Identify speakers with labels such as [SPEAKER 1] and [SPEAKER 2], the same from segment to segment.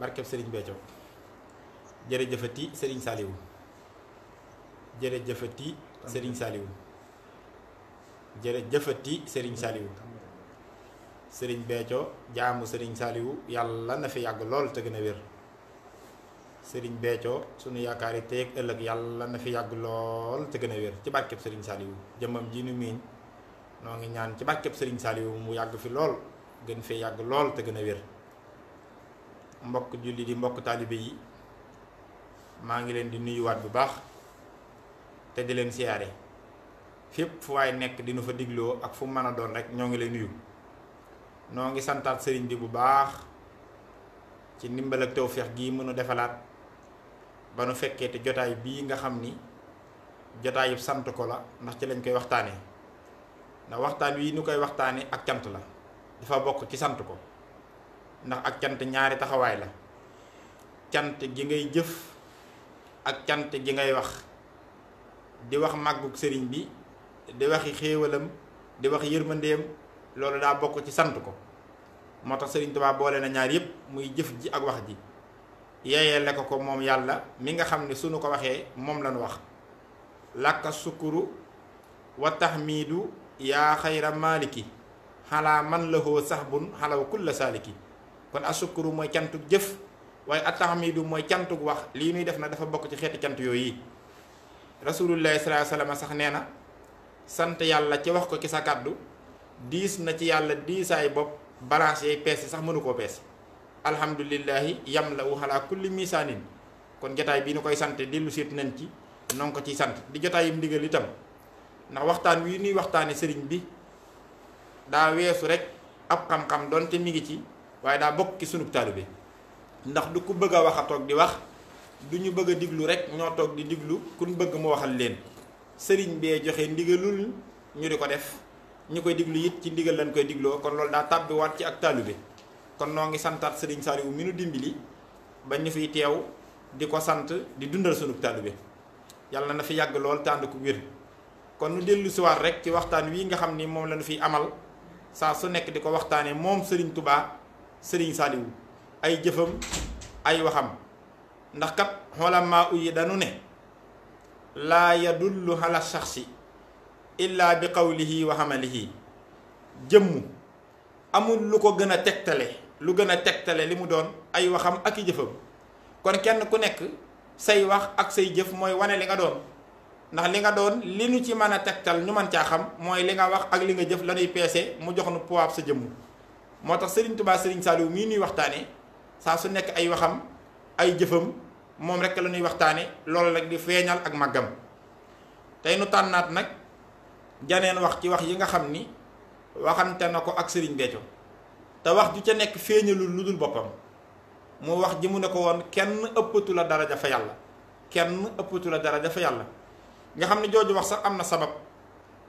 [SPEAKER 1] barkeb Serigne Béthio jërëjëfati Serigne Saliou jërëjëfati Serigne Saliou jërëjëfati Serigne Saliou Serigne Béthio jaamu Serigne Saliou yàlla na fi yàgg lool te gën a wér Serigne Béthio sunu yaakaari teeg ëllëg yàlla na fi yàgg lool te gën a wér ci barkeb Serigne Saliou jëmmam ji nu miin noo ngi ñaan ci barkeb Serigne Saliou mu yàgg fi lool gën fee yàgg lool te gën a wér. mbokk julli di mbokk taalibe yi maa ngi leen di nuyuwaat bu baax te di leen siyaare fépp fu waay nekk dina fa digloo ak fu mën a doon rek ñoo ngi lay nuyu noo ngi santaat sëriñ bi bu baax ci ndimbal ak tawféex gii mënu defalaat ba nu fekkee te jotaay bii nga xam ni jotaayub sant ko la ndax ci lañ koy waxtaanee ndax waxtaan wi nu koy waxtaanee ak cant la dafa bokk ci sant ko ndax ak cant ñaari taxawaay la cant gi ngay jëf ak cant gi ngay wax di wax màggug sëriñ bi di waxi xéewalam di wax yërmandeem loolu daa bokk ci sant ko moo tax sëriñ Tuubaa boole na ñaar yépp muy jëf ji ak wax ji yeeyee le ko ko moom yàlla mi nga xam ne suñu ko waxee moom lañu wax làkka sukkuru wa tahmiidu yaa xayra maaliki xalaa man la lahoo sax bun xalaw kulla saaliki kon asukuru moy cantuk jëf waaye attaxamidu moy cantuk wax li nuy def na dafa bok ci xeeti cant yi rasulullah sallallahu alaihi wasallam sax neena sante yalla ci wax ko ki sa kaddu dis na ci yalla disay bop balance yi sax mënu ko alhamdulillahi yam la kulli misanin kon jotaay bi nu koy dilusit dellu nañ ci non ko ci sant di jotaay yim ndigal itam ndax waxtaan wi nuy waxtaane serigne bi da wessu rek ab xam-xam donte mi ngi ci waaye daa bokk ci sunub taalibe ndax du ku bëgg a wax a toog di wax du ñu bëgg diglu rek ñoo toog di diglu kun bëgg mu waxal leen sëriñ bee joxe ndigalul ñu di ko def ñu koy diglu it ci ndigal lañ koy digloo kon loolu daa tàbbiwaat ci ak taalibe kon noo ngi santaat sëriñ Saliou mi nu dimbali ba ñu fiy teew di ko sant di dundal sunub taalibe yàlla na fi yàgg lool tànd ku wér kon nu dellu siwaat rek ci waxtaan wii nga xam ni moom lañu ñu fiy amal saa su di ko waxtaanee moom sëriñ Touba. sëriñ saaliwu ay jëfam ay waxam ndax kat xolamaa uyi danu ne laa yadullu ala shaxsi illaa bi qawlihi wa amalihi jëmm amul lu ko gën a tegtale lu gën a tegtale li mu doon ay waxam ak i jëfam kon kenn ku nekk say wax ak say jëf mooy wane li nga doon ndax li nga doon li ñu ci mën a tegtal ñu mën caa xam mooy li nga wax ak li nga jëf lañuy peese mu jox nu poids sa jëmm moo tax Serigne Touba Serigne Saliou mii nuy waxtaane saa su nekk ay waxam ay jëfam moom rek la ñuy waxtaane loolu nag di feeñal ak màggam tey nu tànnaat nag janeen wax ci wax yi nga xam ni waxante na ko ak sëriñ Béthio te wax ju ca nekk feeñalul lu dul boppam mu wax ji mu ne ko woon kenn ëppatu la daraja fa yàlla kenn ëppatu la daraja fa yàlla nga xam ne jooju wax sax am na sabab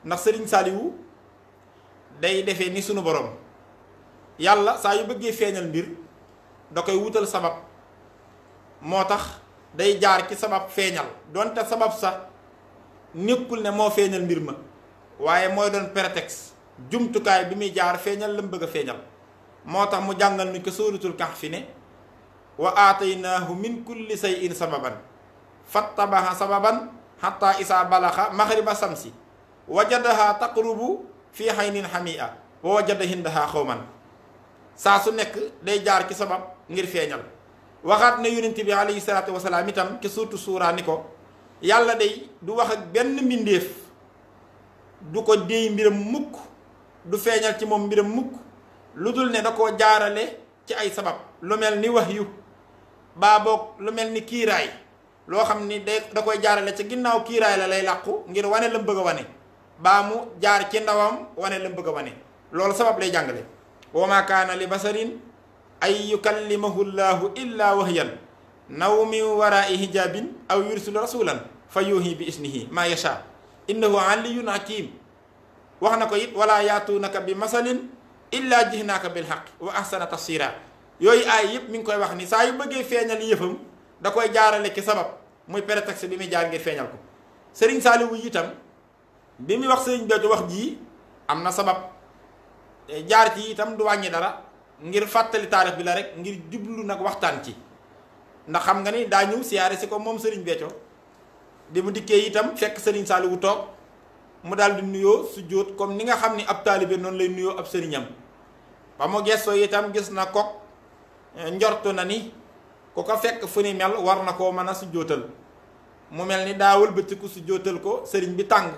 [SPEAKER 1] ndax Serigne Saliou day defe ni sunu borom. yalla sa yu beugé feeñal mbir da koy sabab motax day jaar ci sabab feeñal donte sabab sa nekul ne mo feeñal mbir ma waaye mooy don jumtu jumtukaay bi mi jaar feeñal lam mu bëgg motax mu jangal ni ke suratul kahf ne wa aataynaahu min kulli shay'in sababan fattabaha sababan hatta Isa balakha maghriba samsi wajadaha taqrubu fi haynin hamia, wa wajada hindaha saa su nekk day jaar ci sabab ngir feeñal waxaat ne yonent bi alayhi salaatu wasalaam itam ci suurtu suuraa ni ko yàlla day du wax ak benn mbindeef du ko déy mbiram mukk du feeñal ci moom mbiram mukk lu dul ne da koo jaarale ci ay sabab lu mel ni wax yu baa lu mel ni kiiraay loo xam ni day da koy jaarale ci ginnaaw kiiraay la lay làqu ngir wane la mu bëgg a wane baa mu jaar ci ndawam wane la mu bëgg a wane loolu sabab lay jàngale وما كان لبصر أن يكلمه الله إلا وهيا نو من وراء حجاب أو يرسل رسولا فيوهي بإسنه ما يشاء إنه علي حكيم وحنا كويت ولا ياتونك بمثل إلا جهناك بالحق وأحسن تفسيرا يوي آي يب من كوي وخني ساي بغي فينال يفهم داكوي جارالي كي سبب موي بريتاكس بيمي جار غي كو سيرين سالو ييتام بيمي وخ سيرين بيتو وخ جي امنا سبب Eh, jaar ci itam du wàññi dara ngir fàttali taarix bi la rek ngir jublu nag waxtaan ci ndax xam nga ni daa ñëw siyaare si ko moom Serigne Béthio bi mu dikkee itam fekk Serigne wu toog mu daldi di nuyoo su jóot comme ni nga xam ni ab taalibe noonu lay nuyoo ab sëriñam ba mu gestoo itam gis na ko eh, njort na ni ku ko fekk fu ni mel war na koo mën a su jóotal mu mel ni daa wëlbatiku su ko sëriñ bi tàng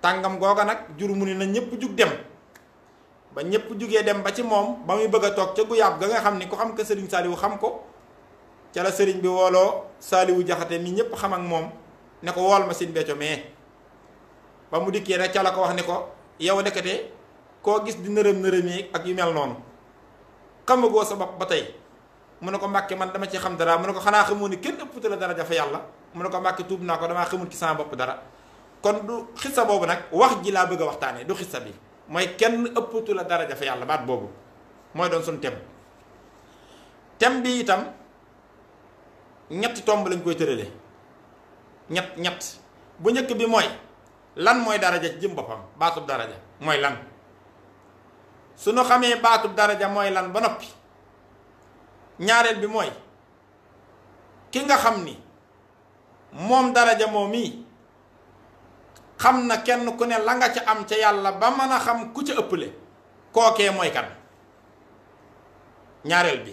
[SPEAKER 1] tàngam googa nag jur mu ni na ñëpp jug dem ba ñëpp jugee dem ba ci moom ba muy bëgg toog ca guyaab ga nga xam ni ku xam ko sëriñ saaliwu xam ko ca la sëriñ bi wooloo saaliwu jaxate mii ñëpp xam ak moom ne ko wool ma sin becco mais ba mu dikkee nag ca la ko wax ni ko yow ndekete koo gis di nërëm nërëmee ak yu mel noonu xamagoo sa bopp ba tey mu ne ko mbàkke man dama ci xam dara mu ne ko xanaa xamoo ni kenn ëppute la dara dafa yàlla mu ne ko mbàkke tuub naa ko damaa xamul ci sama bopp dara kon du xissa boobu nag wax ji laa bëgg a waxtaane bi mooy kenn ëppatu la daraja fa yàlla baat boobu mooy doon suñu tem tem bi itam ñett tomb lañ koy tërale ñett ñett bu njëkk bi mooy lan mooy daraja ci jëm boppam baatub daraja mooy lan su nu xamee baatub daraja mooy lan ba noppi ñaareel bi mooy ki nga xam ni moom daraja moom mii xam na kenn ku ne la nga ca am ca yàlla ba mën a xam ku ca ëpple kookee mooy kan ñaareel bi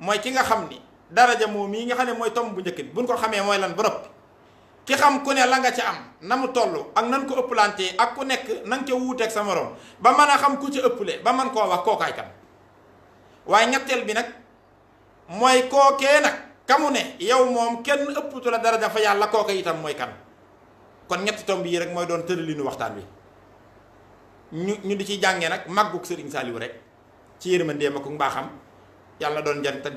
[SPEAKER 1] mooy ki nga xam ni daraja moom yi nga xam ne mooy tomb bu njëkk bi buñ ko xamee mooy lan ba ki xam ku ne la nga ca am na mu toll ak nan ko ëpplantee ak ku nekk na nga ca wuuteeg sa morom ba mën a xam ku ca ëpple ba mën koo wax kookaay kan waaye ñetteel bi nag mooy kookee nag kamu ne yow moom kenn ëpptu la daraja fa yàlla kooka itam mooy kan kon ñetti tomb yi rek moy doon ñu waxtaan bi ñu ñu di ci jàngee nak maggu serigne saliw rek ci yërmandeem ak mbaaxam yalla doon jar ta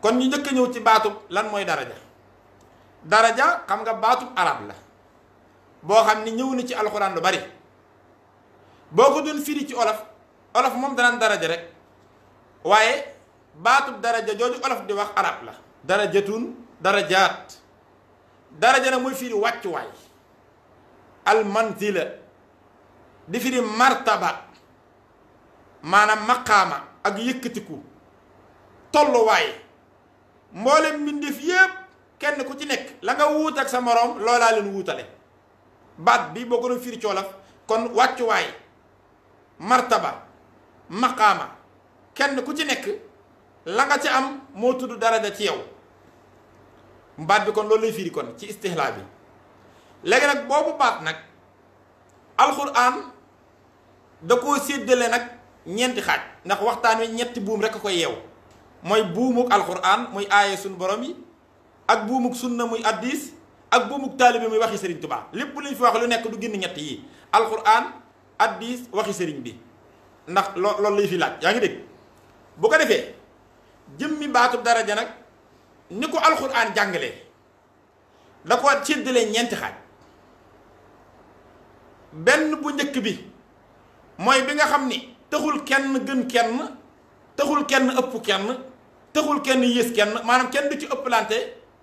[SPEAKER 1] kon ñu ñëk ñew ci batum lan moy daraja daraja xam nga batum arab la bo xam ni ñëw na ci alcorane lu bari boko doon firi ci olaf mom da nan daraja rek waye batum daraja joju olaf di wax arab la darajatun darajat. daraja nag mooy firi wàccuwaay almanzila di firi martaba maanaam maqaama ak yëkkatiku tolluwaay mboolem mbindeef yépp kenn ku ci nekk la nga wuut ak sa moroom loolaa leen wutale baat bi boo ko doon firi coolaf kon wàccuwaay martaba maqaama kenn ku ci nekk la nga ci am moo tudd daraja ci yow mbaat bi kon loolu lay firi kon ci istixlaa bi léegi nag boobu baat nag alxuraan da koo séddale nag ñeenti xaaj ndax waxtaan wi ñetti buum rek a koy yeew mooy buumuk alxuraan muy aaye suñu borom yi ak buumuk sunna muy addis ak buumuk taalibe muy waxi sëriñ tubaa lépp luñ fi wax lu nekk du génn ñett yi alxuraan addis waxi sëriñ bi ndax lo loolu lay fi laaj yaa ngi dégg bu ko defee jëmmi baatub daraja nag ni ko alxuraan jàngalee da ko séddale ñeenti xaaj benn bu njëkk bi mooy bi nga xam ni taxul kenn gën kenn taxul kenn ëpp kenn taxul kenn yées kenn maanaam kenn du ci ëpplante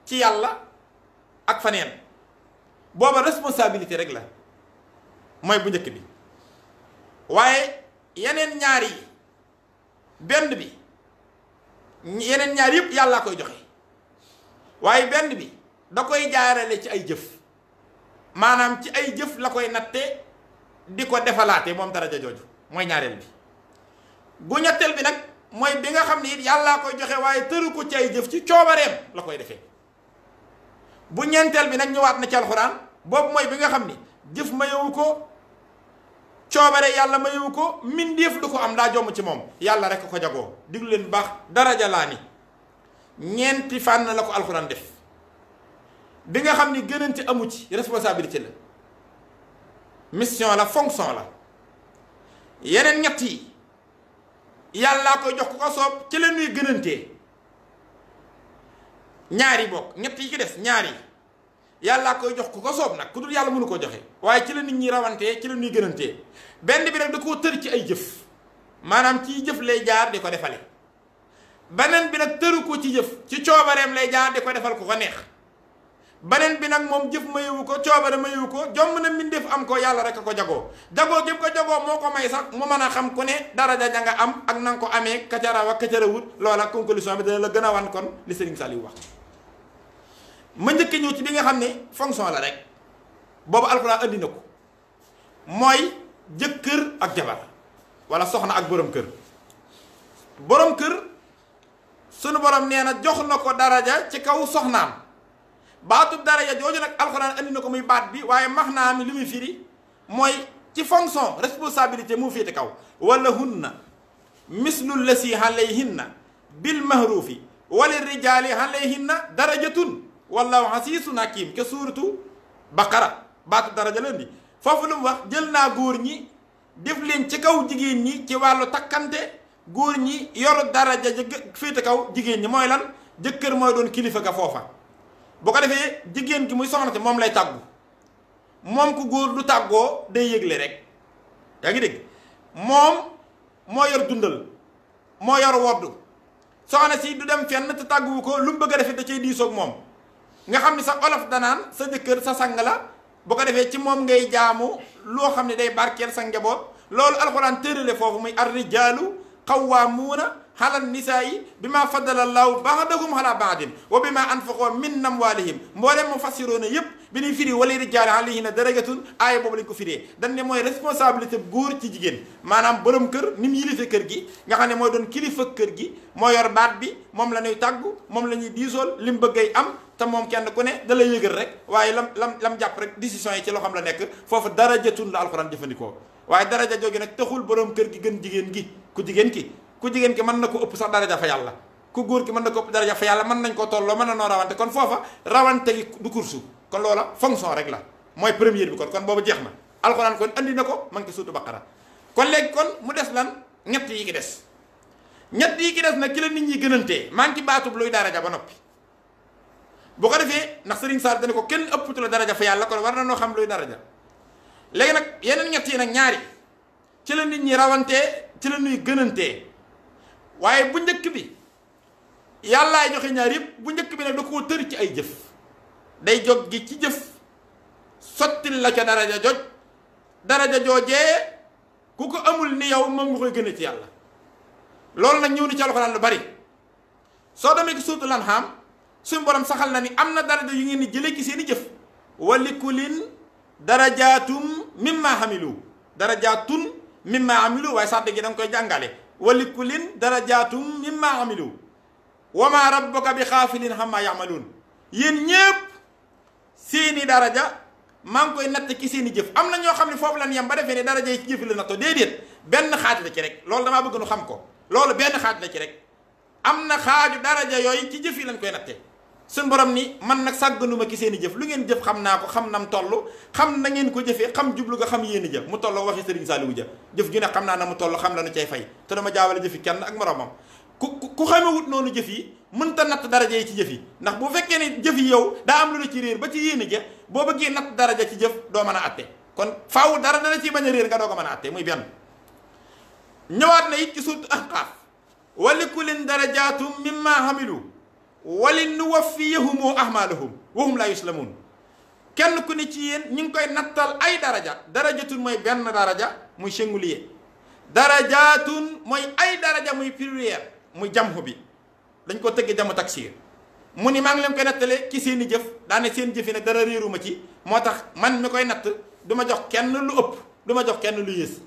[SPEAKER 1] ci yàlla ak faneen booba responsabilité rek la mooy bu njëkk bi waaye yeneen ñaar yi benn bi yeneen ñaar yëpp yàllaa koy joxe waaye benn bi da koy jaarale ci ay jëf maanaam ci ay jëf la koy natte di ko defalaate moom daraja jooju mooy ñaareel bi bu ñetteel bi nag mooy bi nga xam ne it yàllaa koy joxe waaye tëru ko ci ay jëf ci coobareem la koy defee bu ñeenteel bi nag ñëwaat na ci alxuraan boobu mooy bi nga xam ni jëf mayewu ko coobare yàlla mayewu ko mbindeef du ko am daa jomm ci moom yàlla rek ko jagoo diglu leen baax daraja laa ni ñeenti fànn la ko alxuraan def bi nga xam ni gënante amu ci responsabilité la mission la fonction la yeneen ñetti yi yàllaa koy jox ku ko soob ci la ñuy gënantee ñaari bokk ñetti yi ci des ñaari yàllaa koy jox ku ko soob nag ku dul yàlla mënu ko joxe waaye ci la nit ñi rawantee ci la ñuy gënantee benn bi nag da koo tër ci ay jëf maanaam ci jëf lay jaar di ko defale beneen bi nag tëru ko ci jëf ci coobareem lay jaar di ko defal ko ko neex beneen bi nag moom jëf ma yëwu ko coobare ma yëwu ko jomb na mbindeef am ko yàlla rek a ko jagoo jagoo gépp ko jagoo moo ko may sax mu mën a xam ku ne dara ja nga am ak na ko amee kacara wa kacara wut loola conclusion bi dana la gën a wan kon li Serigne Saliou wax ma njëkk ñëw ci bi nga xam ne fonction la rek boobu alxuraan andi na ko mooy jëkkër ak jabar wala soxna ak borom kër borom sunu borom nee na jox na ko daraja ci kaw soxnaam baatub daraja jooju nag alxuraan andi na ko muy baat bi waaye max naa mi li muy firi mooy ci fonction responsabilité mu féete kaw wala hunna mislu lasi alayhinna bil mahrufi wali rijaali alayhinna darajatun wallahu xasiisun hakim ke suuratu baqara baatub daraja leen di foofu lu mu wax jël naa góor ñi def leen ci kaw jigéen ñi ci wàllu takkante góor ñi yor daraja ja féete kaw jigéen ñi mooy lan jëkkër mooy doon kilifa ga foofa boo ko defee jigéen gi muy soxna si moom lay tàggu moom ku góor du tàggoo day yëgle rek yaa ngi moom moo yor dundal moo yor wodd soxna si du dem fenn te tàgguwu ko lu bëgg a defee da cay diisoog moom nga xam ne sa olof danaan sa jëkkër sa sang la bu ko defee ci moom ngay jaamu loo xam ne day barkeel sa njaboot loolu alxuraan tërale foofu muy ar rijaalu قوامون على النساء بما فضل الله بعضهم على بعض وبما انفقوا من اموالهم مولم مفسرون يب بني فيري ولي رجال عليهن درجه اي بوب لنجو فيري دان ني موي ريسبونسابيلتي غور تي جيجين مانام بروم كير نيم يليفه كير جي nga xamne moy don kilifa kër gi mo yor baat bi mom lañuy taggu mom lañuy diisol lim bëggay am te mom kenn ku ne da lay yëgal rek waaye lam lam lam jàpp rek décision yi ci loo xam la nekk foofu dara jëtun la alquran jëfandikoo waaye daraja jooju nag taxul boroom kër gi gën jigéen gi ku jigéen ki ku jigéen ki mën na ko ëpp sax daraja fa yàlla ku góor ki mën na ko ëpp daraja yàlla mën nañ ko tolloo mën na noo rawante kon foofa rawante gi du kursu loola fonction rek la mooy première bi kon kon boobu jeex na alxuraan kon andi na ko ma ngi ko suutu baqara kon léegi kon mu des lan ñett yi ki des ñett yi ki des nag ki la gënantee maa ngi ci baatub luy daraja ba noppi ko defee ndax Serigne Sall dana ko kenn ëpptu la daraja fa yàlla kon war na noo xam luy daraja léegi nag yenn ñett yi nag ñaari ci la nit ñi rawantee ci la ñuy gënantee waaye bu njëkk bi yàllaay joxe ñaar yëpp bu njëkk bi nag da koo tër ci ay jëf day jox gi ci jëf sottil la ca daraja joj daraja joojee ku ko amul ni yow moom nga koy gën ci yàlla loolu nag ñëw na ci alxuraan lu bari soo demee ci suuratul An'aam suñu borom saxal na ni am na daraja yu ngeen ni jëlee ci seeni i jëf walikulin darajaatum mimma hamilu darajaatun mimma hamilu waaye sàdd gi danga koy jàngale walikulin darajaatum mimma hamilu wama rabbuka bi xaafilin xamma yamaluun yéen ñépp seeni daraja maa ngi koy natt ki seeni jëf am na ñoo xam ne foofu lan yem ba defee ne daraja yi ci jëf la natto déedéet benn xaaj la ci rek loolu dama bëgg nu xam ko loolu benn xaaj la ci rek am na xaaju daraja yooyu ci jëf yi lañ koy natte suñ borom ni man nag nu ma ki seen jëf lu ngeen jëf xam naa ko xam nam toll xam na ngeen ko jëfee xam jublu nga xam yéen jëf mu toll waxi sëriñ Saliou ja jëf ju ne xam naa na mu toll xam la nu cay fay te dama jaawale jëfi kenn ak moromam ku ku xamewut noonu jëf yi mënta natt daraja yi ci jëf yi ndax bu fekkee ne jëf yi yow daa am lu la ci réer ba ci yéen ja boo bëggee natt daraja ci jëf doo mën a atte kon faaw dara dana ci bañ a réer nga ko mën a atte muy benn ñëwaat na it ci suut Ahqaaf wa li kullin darajaatum mimma hamilu walinuwaffiyahum ahmaluhum wa hum la yuslamun kenn ku ne ci yeen ñu ngi koy natal ay daraja darajatun moy ben daraja muy singulier darajatun moy ay daraja muy pluriel muy jamhu bi dañ ko tegg jamu taksir muni ni ngi leen koy natale ci seen i jëf daane seen jëf yi nag dara reeruma ci motax man mi koy nat duma jox kenn lu upp duma jox kenn lu yees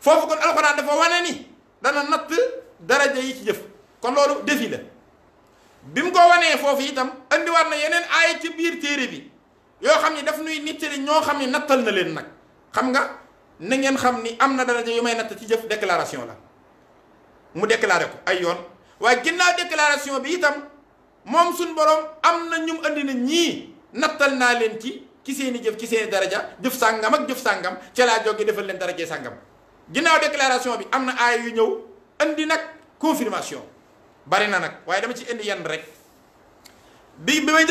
[SPEAKER 1] fofu kon alquran dafa wane ni dana nat daraja yi ci jëf kon lolu defi la bi mu ko wanee foofu itam war na yeneen aaya ci biir téere bi yoo xam ni daf nuy nittali ñoo xam ni nattal na leen nag xam nga na ngeen xam ni am na daraja yu may natt ci jëf déclaration la mu déclaré ko ay yoon waaye ginnaaw déclaration bi itam moom suñ borom am na ñu mu na ñii nattal naa leen ci ci seen i jëf ci seen i daraja jëf sàngam ak jëf sàngam ca laa jóge defal leen darajee sàngam ginnaaw déclaration bi am na aaya yu ñëw andi nag confirmation bari na nag waaye dama ci indi yenn rek bi bi may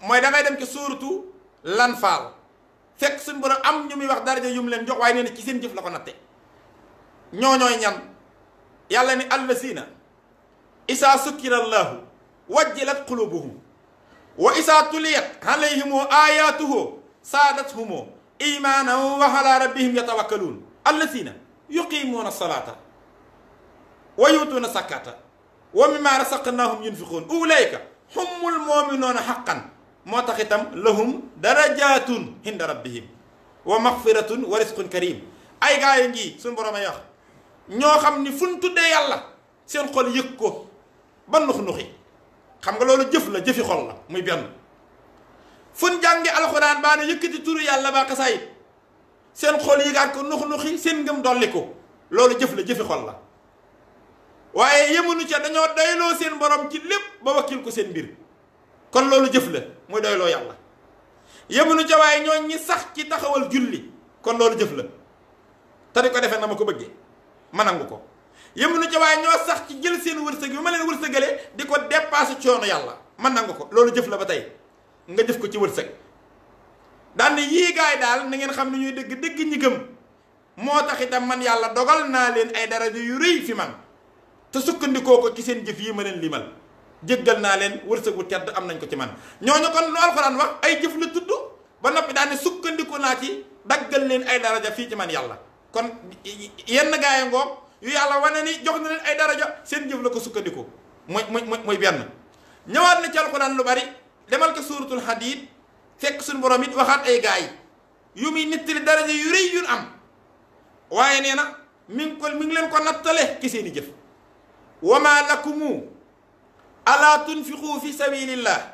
[SPEAKER 1] mooy da ngay dem ci suuratu Lanfaal fekk suñu borom am ñu muy wax daraja yu mu leen jox waaye nee na ci seen jëf la ko natte ñooñooy ñan yàlla ni allazina isaa sukkira allahu wajjilat qulubuhum wa isaa tuliyat alayhimu ayatuhu saadathum imaanan wa ala rabbihim yatawakkaluun allazina yuqiimuuna salaata wa yuutuuna sakkaata wa saq mimmaa razaqnaahum yunfiquun ulayka humul a haqqan moo tax itam lahum darajaatun inda rabbihim wa maghfiratun wa rizqun karim ay gaa yi ngi suñu borom ay wax ñoo xam ni fu ñu tuddee yàlla seen xol yëg ko ba nux nuxi xam nga loolu jëf la jëfi xol la muy benn fu ñu jàngi alxuraan baa ne yëkkati turu yàlla baa xasaayit seen xol yëgaat ko nux nuxi seen ngëm dolli ko loolu jëf la jëfi xol la waaye yemunu ca dañoo doyloo seen borom ci lépp ba wakkil ko seen mbir kon loolu jëf la muy doyloo yàlla yemunu ca waaye ñoo ñi sax ci taxawal julli kon loolu jëf la te di ko defee na ma ko bëggee ma nangu ko yemunu ca waaye ñoo sax ci jël seen wërsëg bi ma leen wërsëgalee di ko dépassé coono yàlla ma nangu ko loolu jëf la ba tey nga jëf ko ci wërsëg daan yii gaay daal na ngeen xam ne ñuy dëgg dëgg ñi gëm moo tax itam man yàlla dogal naa leen ay daraja yu rëy fi man te sukkandikoo ko ci seen jëf yi ma leen limal jéggal naa leen wërsëg wu tedd am nañ ko ci man ñooñu kon lu alxuraan wax ay jëf la tudd ba noppi daane sukkandikoo naa ci daggal leen ay daraja fii ci man yàlla kon yenn gaaya ngoom yu yàlla wane ni jox na leen ay daraja seen jëf la ko sukkandiku mooy mooy mooy benn ñëwaat na ci alxuraan lu bari demal ko suuratul Hadiid fekk suñu borom it waxaat ay gaay yu muy nettali daraja yu rëy yu am waaye nee na mi ngi ko ngi leen ko nattale ci seen i jëf وما لكم ألا تنفقوا في سبيل الله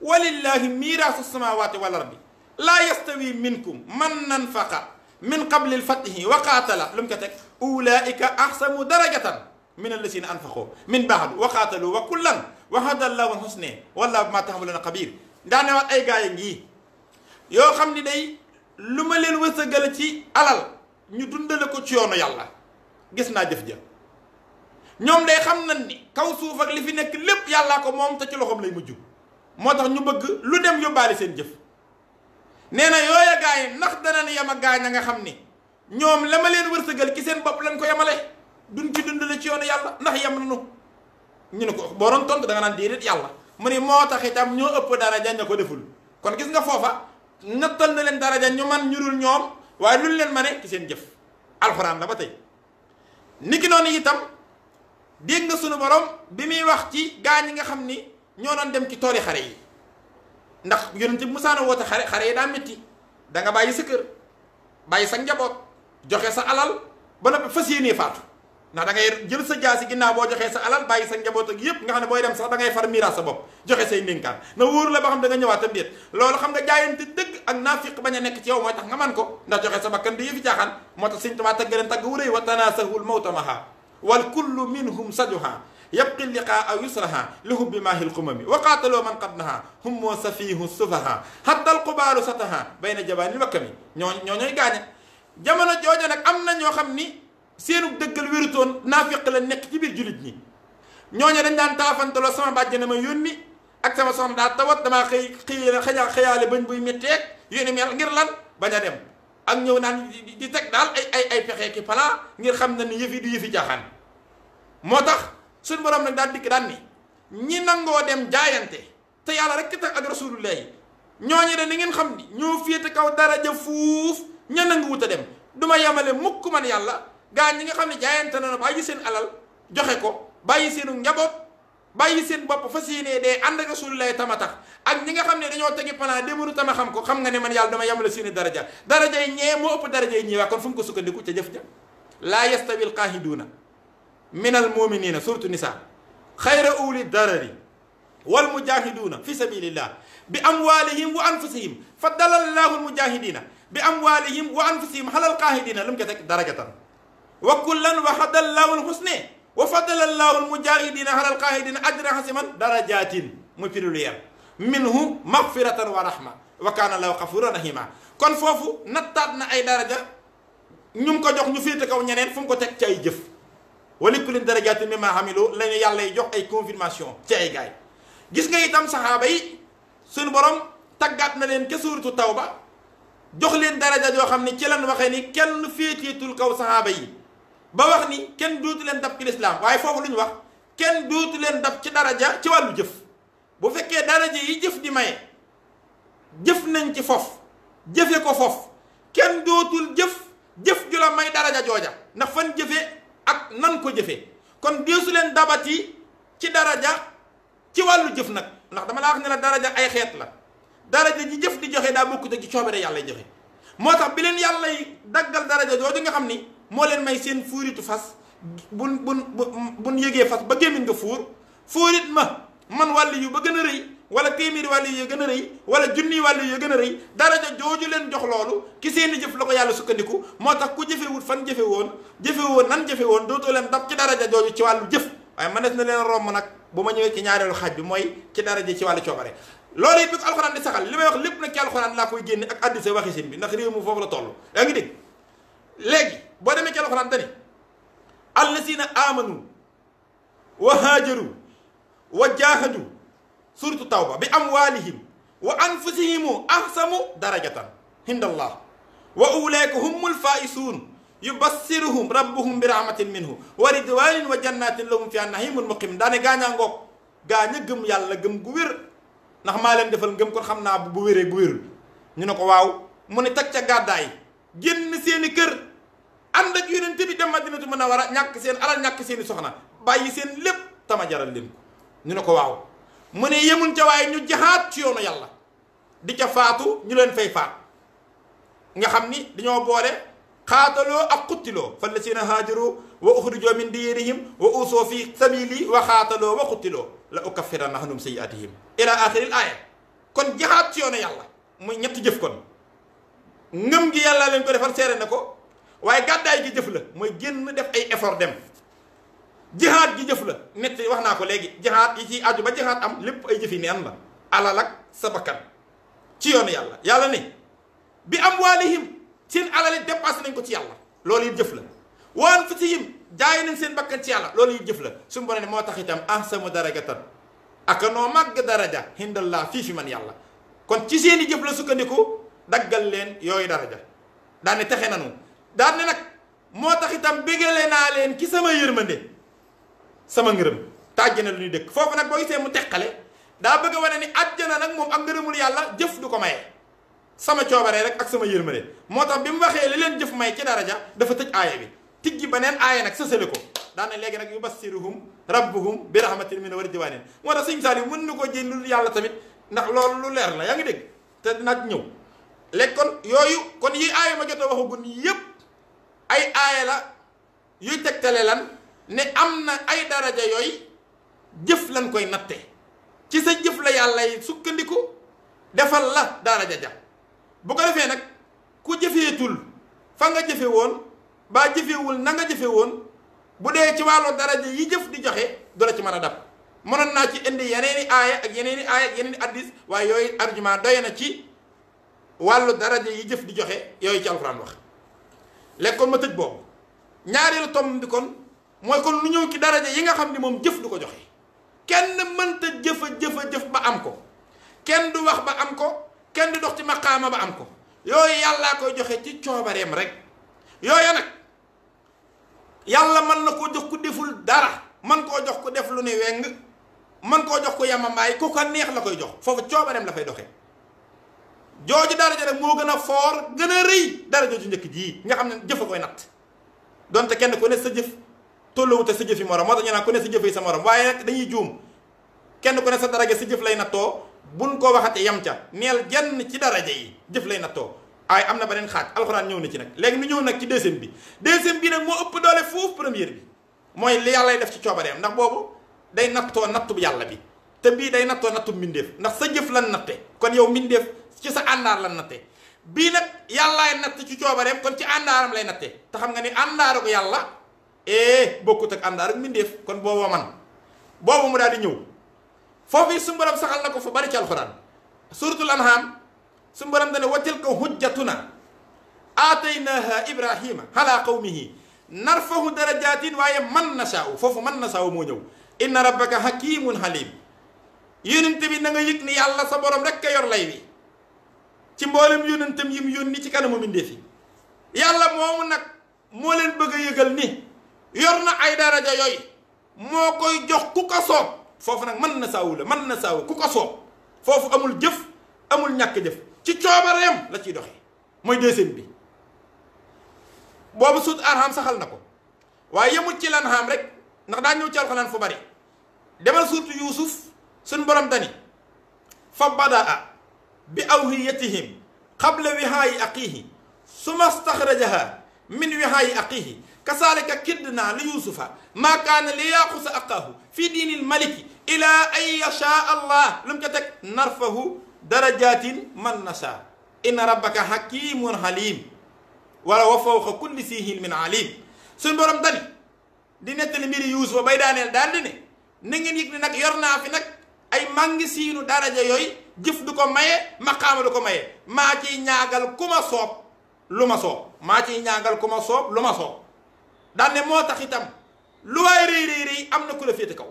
[SPEAKER 1] ولله ميراث السماوات والأرض لا يستوي منكم من ننفق من قبل الفتح وقاتل لم كتك أولئك أحسن درجة من الذين أنفقوا من بعد وقاتلوا وكلا وهذا الله الحسنى والله ما تعملون قبير دانا وات أي غاي نجي يو خمني داي لما لين وسغال تي alal ñu dundale ko ci yoonu yàlla gis naa ñom day xam nañ ni kaw suuf ak li fi nek lepp yalla ko mom ta ci loxom lay mujj motax ñu bëgg lu dem yobali seen jëf neena na yooya gaa yi ndax danañ yem nga xam ni ñom lama leen wërsegal ci seen bop lañ ko yamalé duñ ci la ci yoonu yalla nax yam nañu ñu ne ko boo doon da nga naan déedéet yalla mune motax itam ño ëpp daraja nga ko deful kon gis nga fofa nattal na leen jañ ñu man ñurul ñom ñoom leen mane ci seen jëf alcorane la ba tey niki noonu itam dégg suñu borom bi mi wax ci gaa nga xamni ño non dem ci tori xare yi ndax yonente bi na xare xare da metti da nga bayyi sa kër bayyi sa njabot joxe sa alal ba noppi fasiyene Nada faatu ndax da ngay jël sa jaasi bo joxe sa alal bayyi sa njabot ak yépp nga xam boy dem sax da ngay far miira sa bop joxe say ndénkaan na woor la ba xam da nga ñëwaat tam déet loolu xam nga jaayante deug ak nafiq baña nek ci yow mooy tax nga man ko ndax joxe sa bakkan di yefi jaxan moo tax tuba Tuubaa tagg wa والكل منهم سجها يبقي اللقاء يسرها له بماه القمم وقاتلوا من قدها هم وسفيه السفها حتى القبال ستها بين جبال المكم نوني غاني جامانو جوجو نك امنا ньо خامني سينو دغال ويرتون نافق لا نيك تي بير جوليت ني نيو ني دان تافانتلو سما باجي نما يوني اك سما سون دا توت دما خي خي خيال بن بوي ميتيك يوني ميل غير لان باجا ديم ak ñëw naan di teg daal ay ay ay pexe ki pala ngir xam ne ni yëfi du yëfi jaaxaan moo tax suñu borom nag daal dikk daan ni ñi nangoo dem jaayante te yàlla rek tax ak rasulullahi ñooñu de li ngeen xam ni ñoo féete kaw dara daraja fuuf ña nangu wut a dem du ma yemale mukk man yàlla gaa ñi nga xam ne jaayante na na bàyyi seen alal joxe ko bàyyi seenu njaboot bàyyi seen bop fasiyene de ànd ak rasulullah tama tax ak ñi nga xamne dañoo tegi panaa démaru tama xam ko xam nga ne man yàlla dama yemale seen daraja daraja ñe mo upp daraja ñi wa kon fu ko sukkandi ku ca jëf ja la yastawi qahiduna min al almuminina surtout nisa khayra uli darari wal mujahiduna fi sabilillah bi amwalihim wa anfusihim faddala allah al mujahidina bi amwalihim wa anfusihim ala alqaahidina lu mu ko teg darajatan wa kullan waxada al husna وفضل الله المجاهدين على القاهدين اجرا حسما درجات مفيرليا منه مغفره ورحمه وكان الله غفورا رحيما كون فوفو نتاتنا اي درجه نيم كو جوخ نيو فيتا كو نينن فوم كو تك تاي جيف ولكل درجات مما حملوا لن يالله يجوخ اي كونفيرماسيون تاي غاي غيس غاي تام صحابه يي سن بوروم تاغات نالين كسوره التوبه جوخ لين درجه جو خامني كي لن واخاني كين فيتيتول كو ba wax ni kenn dootu leen dab ci lislaam waaye foofu lu ñu wax kenn dootu leen dab ci daraja ci wàllu jëf bu fekkee daraja yi jëf di maye jëf nañ ci foofu jëfe ko foofu kenn dootul jëf jëf ju la may daraja jooja ndax fan jëfe ak nan ko jëfe kon deesu leen dabati ci daraja ci wàllu jëf nag ndax dama laa wax ne la daraja ay xeet la daraja ji jëf di joxe daa bokkut ak ci coobare yàlla joxe moo tax bi leen yàlla daggal daraja jooju nga xam ni moo leen may seen fuuritu fas bu bun bu bun yëgee fas ba gémmiñ nga fuur fuurit ma man wàll yu ba gën a rëy wala téeméeri wàll yu gën a rëy wala junni wàllu yu gën a rëy daraja jooju leen jox loolu ki seeni jëf la ko yàlla sukkandiku moo tax ku jëfewut fan jëfe woon jëfe woon nan jëfe woon dootoo leen dab ci daraja jooju ci wàllu jëf waaye mënees na leen romb nag bu ma ñëwee ci ñaareelu xaaj bi mooy ci daraja ci wàllu coobare loolu it bi ko alxuraan di saxal li may wax lépp nag ci alxuraan laa génne ak àddisa waxi seen bi ndax réew mu foofu la toll yaa ngi léegi boo demee ci alxuraan dani allazina amanu wa haajaru wa jaahadu suratu tawba bi amwalihim wa anfusihimu ahsamu darajatan hindallah wa ulaika humul faisuun yubassiruhum rabbuhum bi rahmatin minhu wa ridwanin wa jannatin lahum fiha nahimun muqim daane gaañaa ngoog gaaña gëm yàlla gëm gu wér ndax maa leen defal ngëm kon xam naa bu wéree gu wérul ñu ne ko waaw mu ne tag ca gàddaay génn seeni kër ànd ak yonent bi dem Madinatu Munawwara ñàkk seen alal ñàkk seeni i soxna bàyyi seen lépp tama jaral leen ko ñu ne ko waaw mu ne yemul ca waaye ñu jaxaat ci yoonu yàlla di ca ñu leen fay faat nga xam ni dañoo boole xaataloo ak xuttiloo fa lasina haajaru wa uxrijoo min diyarihim wa usoo fi sabili wa xaataloo wa xuttiloo la ukaffiranna anhum sayyi'atihim ila axiril aaya kon jaxaat yoonu yàlla muy ñett jëf kon ngëm gi yàlla leen ko defal seere na ko waaye gàddaay gi jëf la mooy génn def ay effort dem jihaat gi jëf la nett wax naa ko léegi jihaat yi ci aju ba jihaat am lépp ay jëfi neen la alal ak sa bakkan ci yoon yàlla yàlla ne bi am waalihim seen alali dépassé nañ ko ci yàlla loolu yu jëf la waan fu ci yim jaay nañ seen bakkan ci yàlla loolu yu jëf la su ne moo tax itam ahsanu darajatan aka noo màgg daraja hindallah fii fi man yàlla kon ci seen i jëf la sukkandiku daggal leen yooyu daraja daane texe nanu daan ne nag moo tax itam bégale naa leen ci sama yërmande sama ngërëm na lu ñuy dëkk foofu nag boo gisee mu teqale daa bëgg a wane ni àjjana nag moom ak ngërëmul yàlla jëf du ko maye sama coobaree rek ak sama yërmande moo tax bi mu waxee li leen jëf may ci daraja dafa tëj aaya bi tijji neen aaya nag sësale ko daane léegi nag yubassiruhum rabbuhum bi rahmatin min wa ridwanin moo tax sëñ Saliou mën na ko jël lu yàlla tamit ndax loolu lu leer la yaa ngi dégg te dinaaj ñëw léegi kon yooyu kon yi aaya ma jot a yëpp ay aaya la yuy tegtale lan ne am na ay daraja yooyu jëf lañ koy natte ci sa jëf la yàlla yi sukkandiku defal la daraja ja bu ko defee nag ku jëfeetul fa nga jëfe woon baa jëfewul na nga jëfe woon bu dee ci wàllu daraja yi jëf di joxe du la ci mën a dab mënoon naa ci indi yeneeni aaya ak yeneeni aaya ak yeneeni addis waaye yooyu argument doy na ci wàllu daraja yi jëf di joxe yooyu ci alxuraan wax léegi kon ma tëj boobu ñaareelu tomb bi kon mooy kon lu ñëw ci daraja yi nga xam ni moom jëf du ko joxe kenn mënta jëfa jëfa jëf ba am ko kenn du wax ba am ko kenn du dox ci maqaama ba am ko yooyu yàllaa koy joxe ci coobareem rek yooyu nag yàlla mën na koo jox ku deful dara man koo jox ku def lu ne weng man koo jox ku yamambaay ku ko neex la koy jox foofu coobareem la fay doxe jooju daraja nag moo gën a foor gën a rëy daraja ju njëkk ji nga xam ne jëf a koy natt donte kenn ku ne sa jëf tolluwute sa jëf yi morom moo tax ñu naa ko ne sa jëf sa morom waaye nag dañuy juum ku ne sa daraja sa jëf lay nattoo buñ ko waxate yam ca neel genn ci daraja yi jëf lay nattoo ay am na beneen xaaj alxuraan ñëw na ci nag léegi nu ñëw nag ci deuxième bi deuxième bi nag moo ëpp doole foofu première bi mooy li yàlla def ci coobareem ndax boobu day nattoo nattu yàlla bi te bii day nattoo nattu mbindeef ndax sa jëf lan natte kon yow mbindeef ci sa àndaar lan natte bii nag yàllaay natt ci coobareem kon ci àndaaram lay natte te xam nga ni àndaaru ko yàlla eh bokkut ak àndaaru mbindeef kon booboo man boobu mu daal di ñëw foofu su mborom saxal na ko fa bari ci alxuraan suratul anham su mborom dane wa tilka hujjatuna aataynaha ibrahima ala qawmihi narfahu darajatin waaye man nashaa'u foofu man nashaa'u moo ñëw inna rabbaka hakimun halim yónnent bi na nga yëg ni yàlla sa borom rek ka yor lay wi ci mboolem yónnentam yi mu yónni ci kanamu mbindéef yi yàlla moomu nag moo leen bëgg a yëgal ni yor na ay daraja yooyu moo koy jox ku ko soob foofu nag mën na saawu la man na saawu ku ko soob foofu amul jëf amul ñàkk jëf ci coobareem la ciy doxee mooy deuxième bi boobu suut arham saxal na ko waaye yemut ci lan rek ndax daa ñëw ci alxuraan fu bari demal suurtu yuusuf سن برام داني فبدا باوهيتهم قبل وهاي اقيه ثم استخرجها من وهاي اقيه كذلك كدنا ليوسف ما كان ليأخذ اقاه في دين الملك إلى أن يشاء الله لم تك نرفه درجات من نشاء إن ربك حكيم حليم ولا فوق كل فيه من عليم سن برام داني دي نتل ميري يوسف باي دانيل دال دي ني نيك نك يورنا في نك ay mangi siinu daraja yooyu jëf du ko maye maqaama du ko maye maa ciy ñaagal ku ma soob lu ma soob maa ciy ñaagal ku ma soob lu ma soob daan moo tax itam lu waay rëy rëy rëy am na ku la féete kaw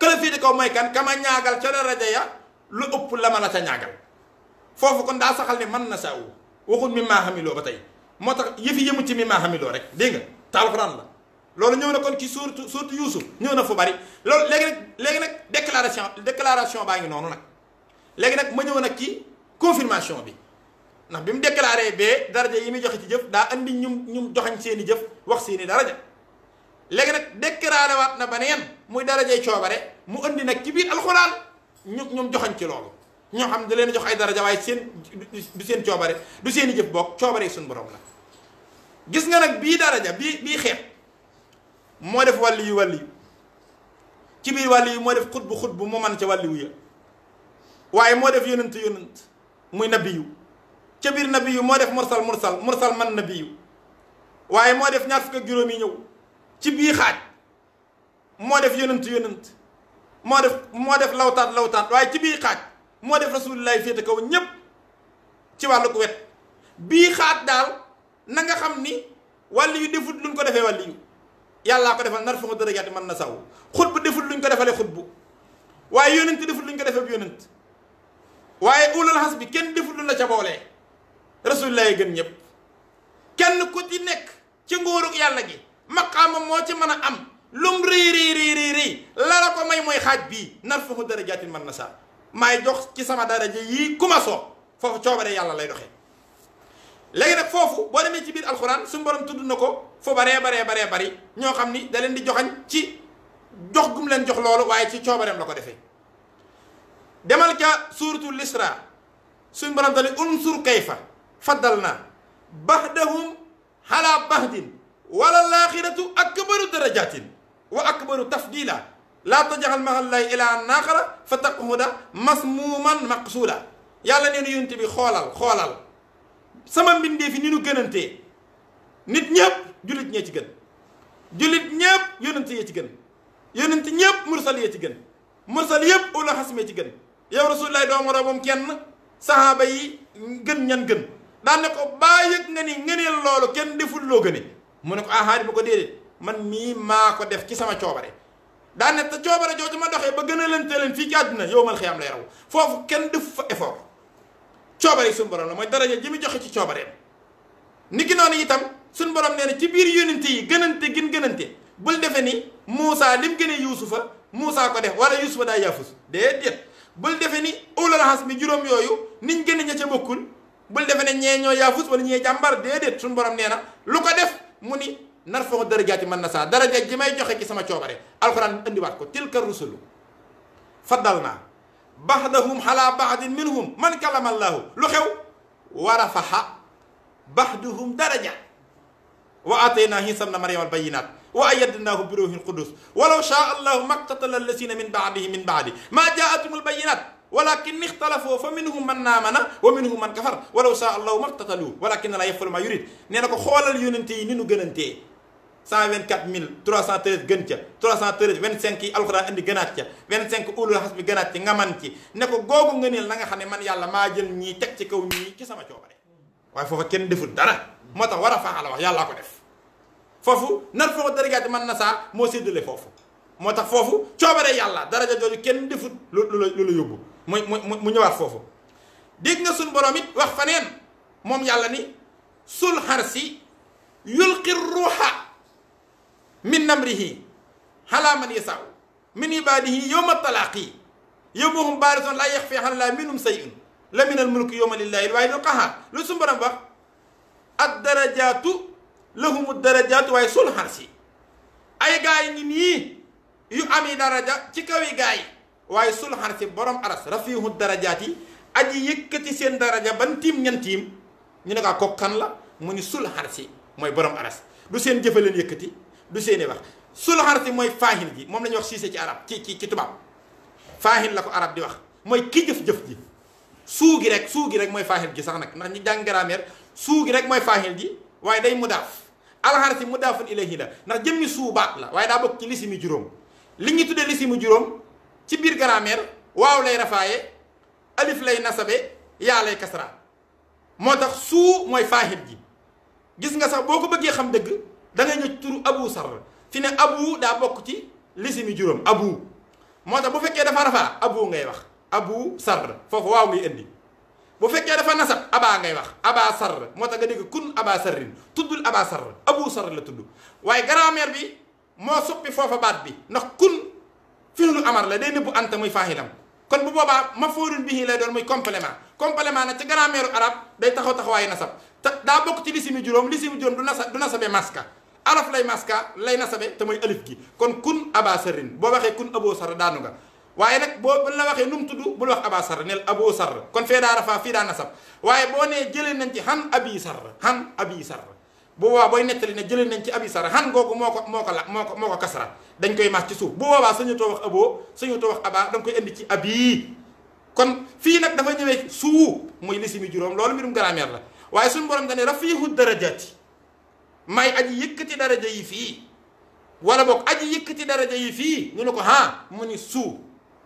[SPEAKER 1] ku la féete kaw mooy kan ka ma ñaagal ca daraja ya lu ëpp la ma la ca ñaagal foofu kon daa saxal ne man na saa waxul mi maa xamiloo ba tey moo tax yëfi yëmu ci mi maa xamiloo rek dégg nga taal xuraan la loolu ñëw na kon ci suurtu suurtu Yuusuf ñëw na fu bari loolu léegi nag léegi nag déclaration déclaration baa ngi noonu nag léegi nag ma ñëw nag ci confirmation bi ndax bi mu déclaré bee daraja yi muy joxe ci jëf daa andi ñum ñum joxañ seen i jëf wax seen i daraja léegi nag déclaré waat na beneen muy darajay coobare mu andi nag ci biir alxuraan ñu ñum joxañ ci loolu ñoo xam da leen jox ay daraja waaye seen du seen coobare du seen i jëf boog coobare suñu borom la gis nga nag bii daraja bii bii xeet مو ديف ولي ولي كي بير ولي مو ديف خطبه خطبه مو مان تي ولي ويا واي مو ديف يوننت يوننت موي نبيو كي بير نبيو مو ديف مرسل مرسل مرسل من نبيو واي مو ديف نيار فك جيرومي نيو كي بي خاج مو ديف يوننت يوننت مو ديف مو ديف لوطات لوطات واي كي بي خاج مو ديف رسول الله فيتكو نييب تي والو ويت بي خاج دال نغا خامني ولي ديفوت لون كو ديفه ولي yàllaa ko defal nar fa nga darajaati man na saw xut bu deful luñ ko defalee xut bu waaye yónent deful luñ ko defee bu yónent waaye ulal xas bi kenn deful luñ la ca boolee rasulullah yi gën ñëpp kenn ku ci nekk ci nguurug yàlla gi maqaama moo ci mën a am lum rëy rëy la la ko may mooy xaaj bi nar fa nga darajaati man na saw maay jox ci sama daraja yii ku ma soob foofu coobare yàlla lay doxee léegi nag foofu boo demee ci biir alxuraan suñu borom tudd na ko fo baree baree baree bari ñoo xam da len di joxagn ci jox gum len jox lolu waye ci ciobarem lako ko demal ca suuratul Isra sun borom tamit unsur kayfa fadalna bahdahum hala bahdin wala lakhiratu akbaru darajatin wa akbaru tafdila la tajal maxallahi ilaa naaxara nakhra fatakhuda masmuman maqsula yàlla nee na bi kholal kholal sama mbindeef yi ni nu gënantee nit ñëpp jullit ñee ci gën jullit ñëpp yonent yee ci gën yonent ñëpp mursal yee ci gën mursal yëpp ula xasmee ci gën yow rasulullah doo moroomam kenn sahaaba yi gën ñan gën daan ne ko baa yëg nga ni ngëneel loolu kenn deful loo gëne mu ne ko ahaari bu ko déedéet man mii maa ko def ci sama coobare daan ne te coobare jooju ma doxee ba gën leen fii ci àdduna yow mal xiyam lay raw foofu kenn def fa effort coobare suñu borom la mooy daraja ji mu joxe ci coobareem ni ki noonu itam suñu borom nee na ci biir yonent yi gënante gin gënante bul defe ni Moussa lim gënee Yuusufa Moussa ko def wala Yuusufa daa yaafus déedéet bul defe ni ulul bi juróom yooyu niñ gën ña ca bokkul bul defe ne ñee ñoo yaafus wala ñee jàmbar déedéet suñu borom nee na lu ko def mu ni nar foo darajaati man na saa daraja ji may joxe ci sama coobare alxuraan indiwaat ko tilka rusulu faddal naa بحدهم على بعد منهم من كلم الله لخو ورفح بعضهم درجة وآتينا هي ابن مريم البينات وأيدناه بروح القدس ولو شاء الله ما الذين من بعده من بعد ما جاءتهم البينات ولكن اختلفوا فمنهم من آمن ومنهم من كفر ولو شاء الله ما ولكن لا يفعل ما يريد نينكو خول اليونتي نينو غننتي 124000 313 gën ca 313 25 yi alxuraan indi gënaat ca 25 ulul xas bi gënaat ci nga man ci ne ko googu nga neel na nga xam ne man yàlla maa jël ñii teg ci kaw ñii ci sama coobare waaye foofa kenn deful dara moo tax war a faaxala wax yàllaa ko def foofu nar foo darajaati man na saa moo séddale foofu moo tax foofu coobare yàlla daraja jooju kenn deful lu lu la yóbbu mu mu mu ñëwaat foofu dégg nga suñ borom it wax faneen moom yàlla ni sul xar si yulqi ruuxa من نمره هلا من يسعو من عباده يوم الطلاقي يبوهم بارز لا يخفي على الله منهم شيء لمن الملك يوم لله الواحد القهار لسم برنبخ الدرجات لهم الدرجات واي صلح اي غاي ني يو درجه تي كوي غاي واي صلح ارس رفيه الدرجات اجي يكتي سين درجه بنتيم نينتيم ني نكا لا موني صلح رسي موي بروم ارس دو سين يكتي du seeni wax sul xarati mooy faahin ji moom la ñuy wax siise ci arab ci ci ci tubaab faahin la ko arab di wax mooy ki jëf-jëf ji suu gi rek suu gi rek mooy faahin ji sax nag ndax ñi jàng grammaire suu gi rek mooy faahin ji waaye day mudaaf alxarati mudaafun ilayhi la ndax jëmmi suu baat la waaye daa bokk ci lisimi juróom li ñu tuddee lisimi juróom ci biir grammaire waaw lay rafaaye alif lay nasabe yaa lay kasra moo tax suu mooy faahin ji gis nga sax boo ko bëggee xam dëgg da ngay ñu turu abu Sar, fi ne abu da bok ci lisimi jurom abu mota bu fekke dafa rafa abu ngay wax abu Sar, fofu waaw ngay indi bu fekke dafa nasab Aba ngay wax aba sar mota nga kun Aba Sarin, tuddul Aba Sar abu Sar la tudd waaye grammaire bi mo soppi fofu baat bi nak kun filu amar la day nebu anta muy fahilam kon bu boba mafoorun bihi lay don muy complément complément na ci grammaire arab day taxaw taxawaayu nasab da bok ci lisimi jurom lisimi jurom du nasab du nasabe maska alaf lay maska lay nasabe te mooy alif gi kon kun aba sarrin boo waxee kun aboo sarr daanu nga waaye nag boo la waxee nu mu tudd bul wax aba sarr neel abo sarr kon fee daa rafaa fii daa nasab waaye boo nee jëlee nañ ci xan abi sarr xan abi sarr bu boobaa booy nettali ne jëlee nañ ci abi sarr xan googu moo ko moo ko la moo ko moo ko kasra dañ koy mas ci suuf bu boobaa suñu too wax abo too wax aba da koy indi ci abi kon fii nag dafa ñëwee suu muy lisimi juróom loolu mbirum grammaire la waaye suñu borom dañuy rafiihu darajaati may aji yëkkati daraja yi fi wala bok aji yëkkati daraja yi fi ñu ne ko ha mu ni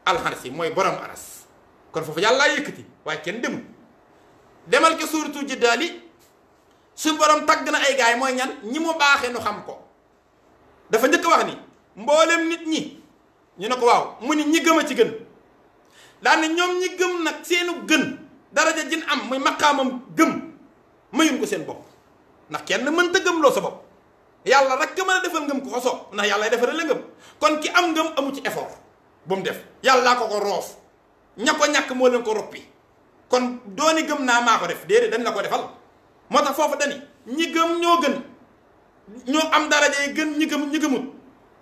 [SPEAKER 1] al harsi moy borom aras kon fofu yalla yëkkati way kenn dem demal ci suratu jiddaali su borom tag na ay gaay moy ñan ñi mo baxé ñu xam ko dafa ñëk wax ni mbolem nit ñi ñu ne ko waaw mu ñi gëma ci gën daane ñom ñi gëm nak seenu gën daraja jin am muy maqamam gëm mayum ko seen bokk ndax kenn mënta gëm loo sa bopp yàlla rek ka mën a defal ngëm ku ko soob ndax yàlla defaral la ngëm kon ki am ngëm amu ci effort bu mu def yàllaa ko ko roof ña ñàkk moo leen ko roppi kon dooni gëm naa maa ko def déedéet dañ la ko defal moo tax foofu dani ñi gëm ñoo gën ñoo am daraja yi gën ñi gëm ñi gëmut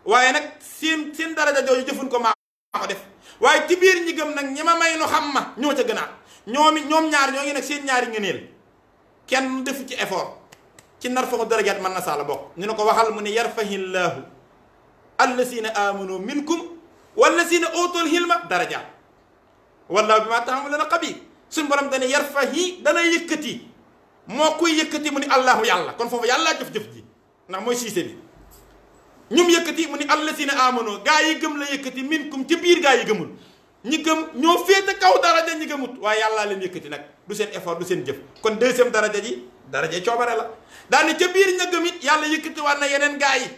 [SPEAKER 1] waaye nag seen seen daraja jooju jëfun ko maa ko def waaye ci biir ñi gëm nag ñi ma may nu xam ma ñoo ca gënaat ñoomi ñoom ñaar ñoo ngi nag seen ñaari ngëneel kenn defu ci effort ci narfaxu darajaat mën na saa la bokk ñu ne waxal mu ne yarfahillaahu allazina amanu minkum wallazina utul hilma darajaat wallaahu bi ma taamaluna xabiir suñ borom dana yarfahi dana yëkkati moo koy yëkkati mu ni allahu yàlla kon foofu yàllaa jëf-jëf ji ndax mooy siise bi ñum yëkkati mu allazina amanu gaa gëm la yëkkati minkum ci biir gaa yi gëmul ñi gëm ñoo féete kaw daraja ñi gëmut waaye yàllaa leen yëkkati nag du seen effort du seen jëf kon deuxième daraja ji daraje coobare la daane ca biir ña gëm it yàlla yëkkatiwaat na yeneen gaa yi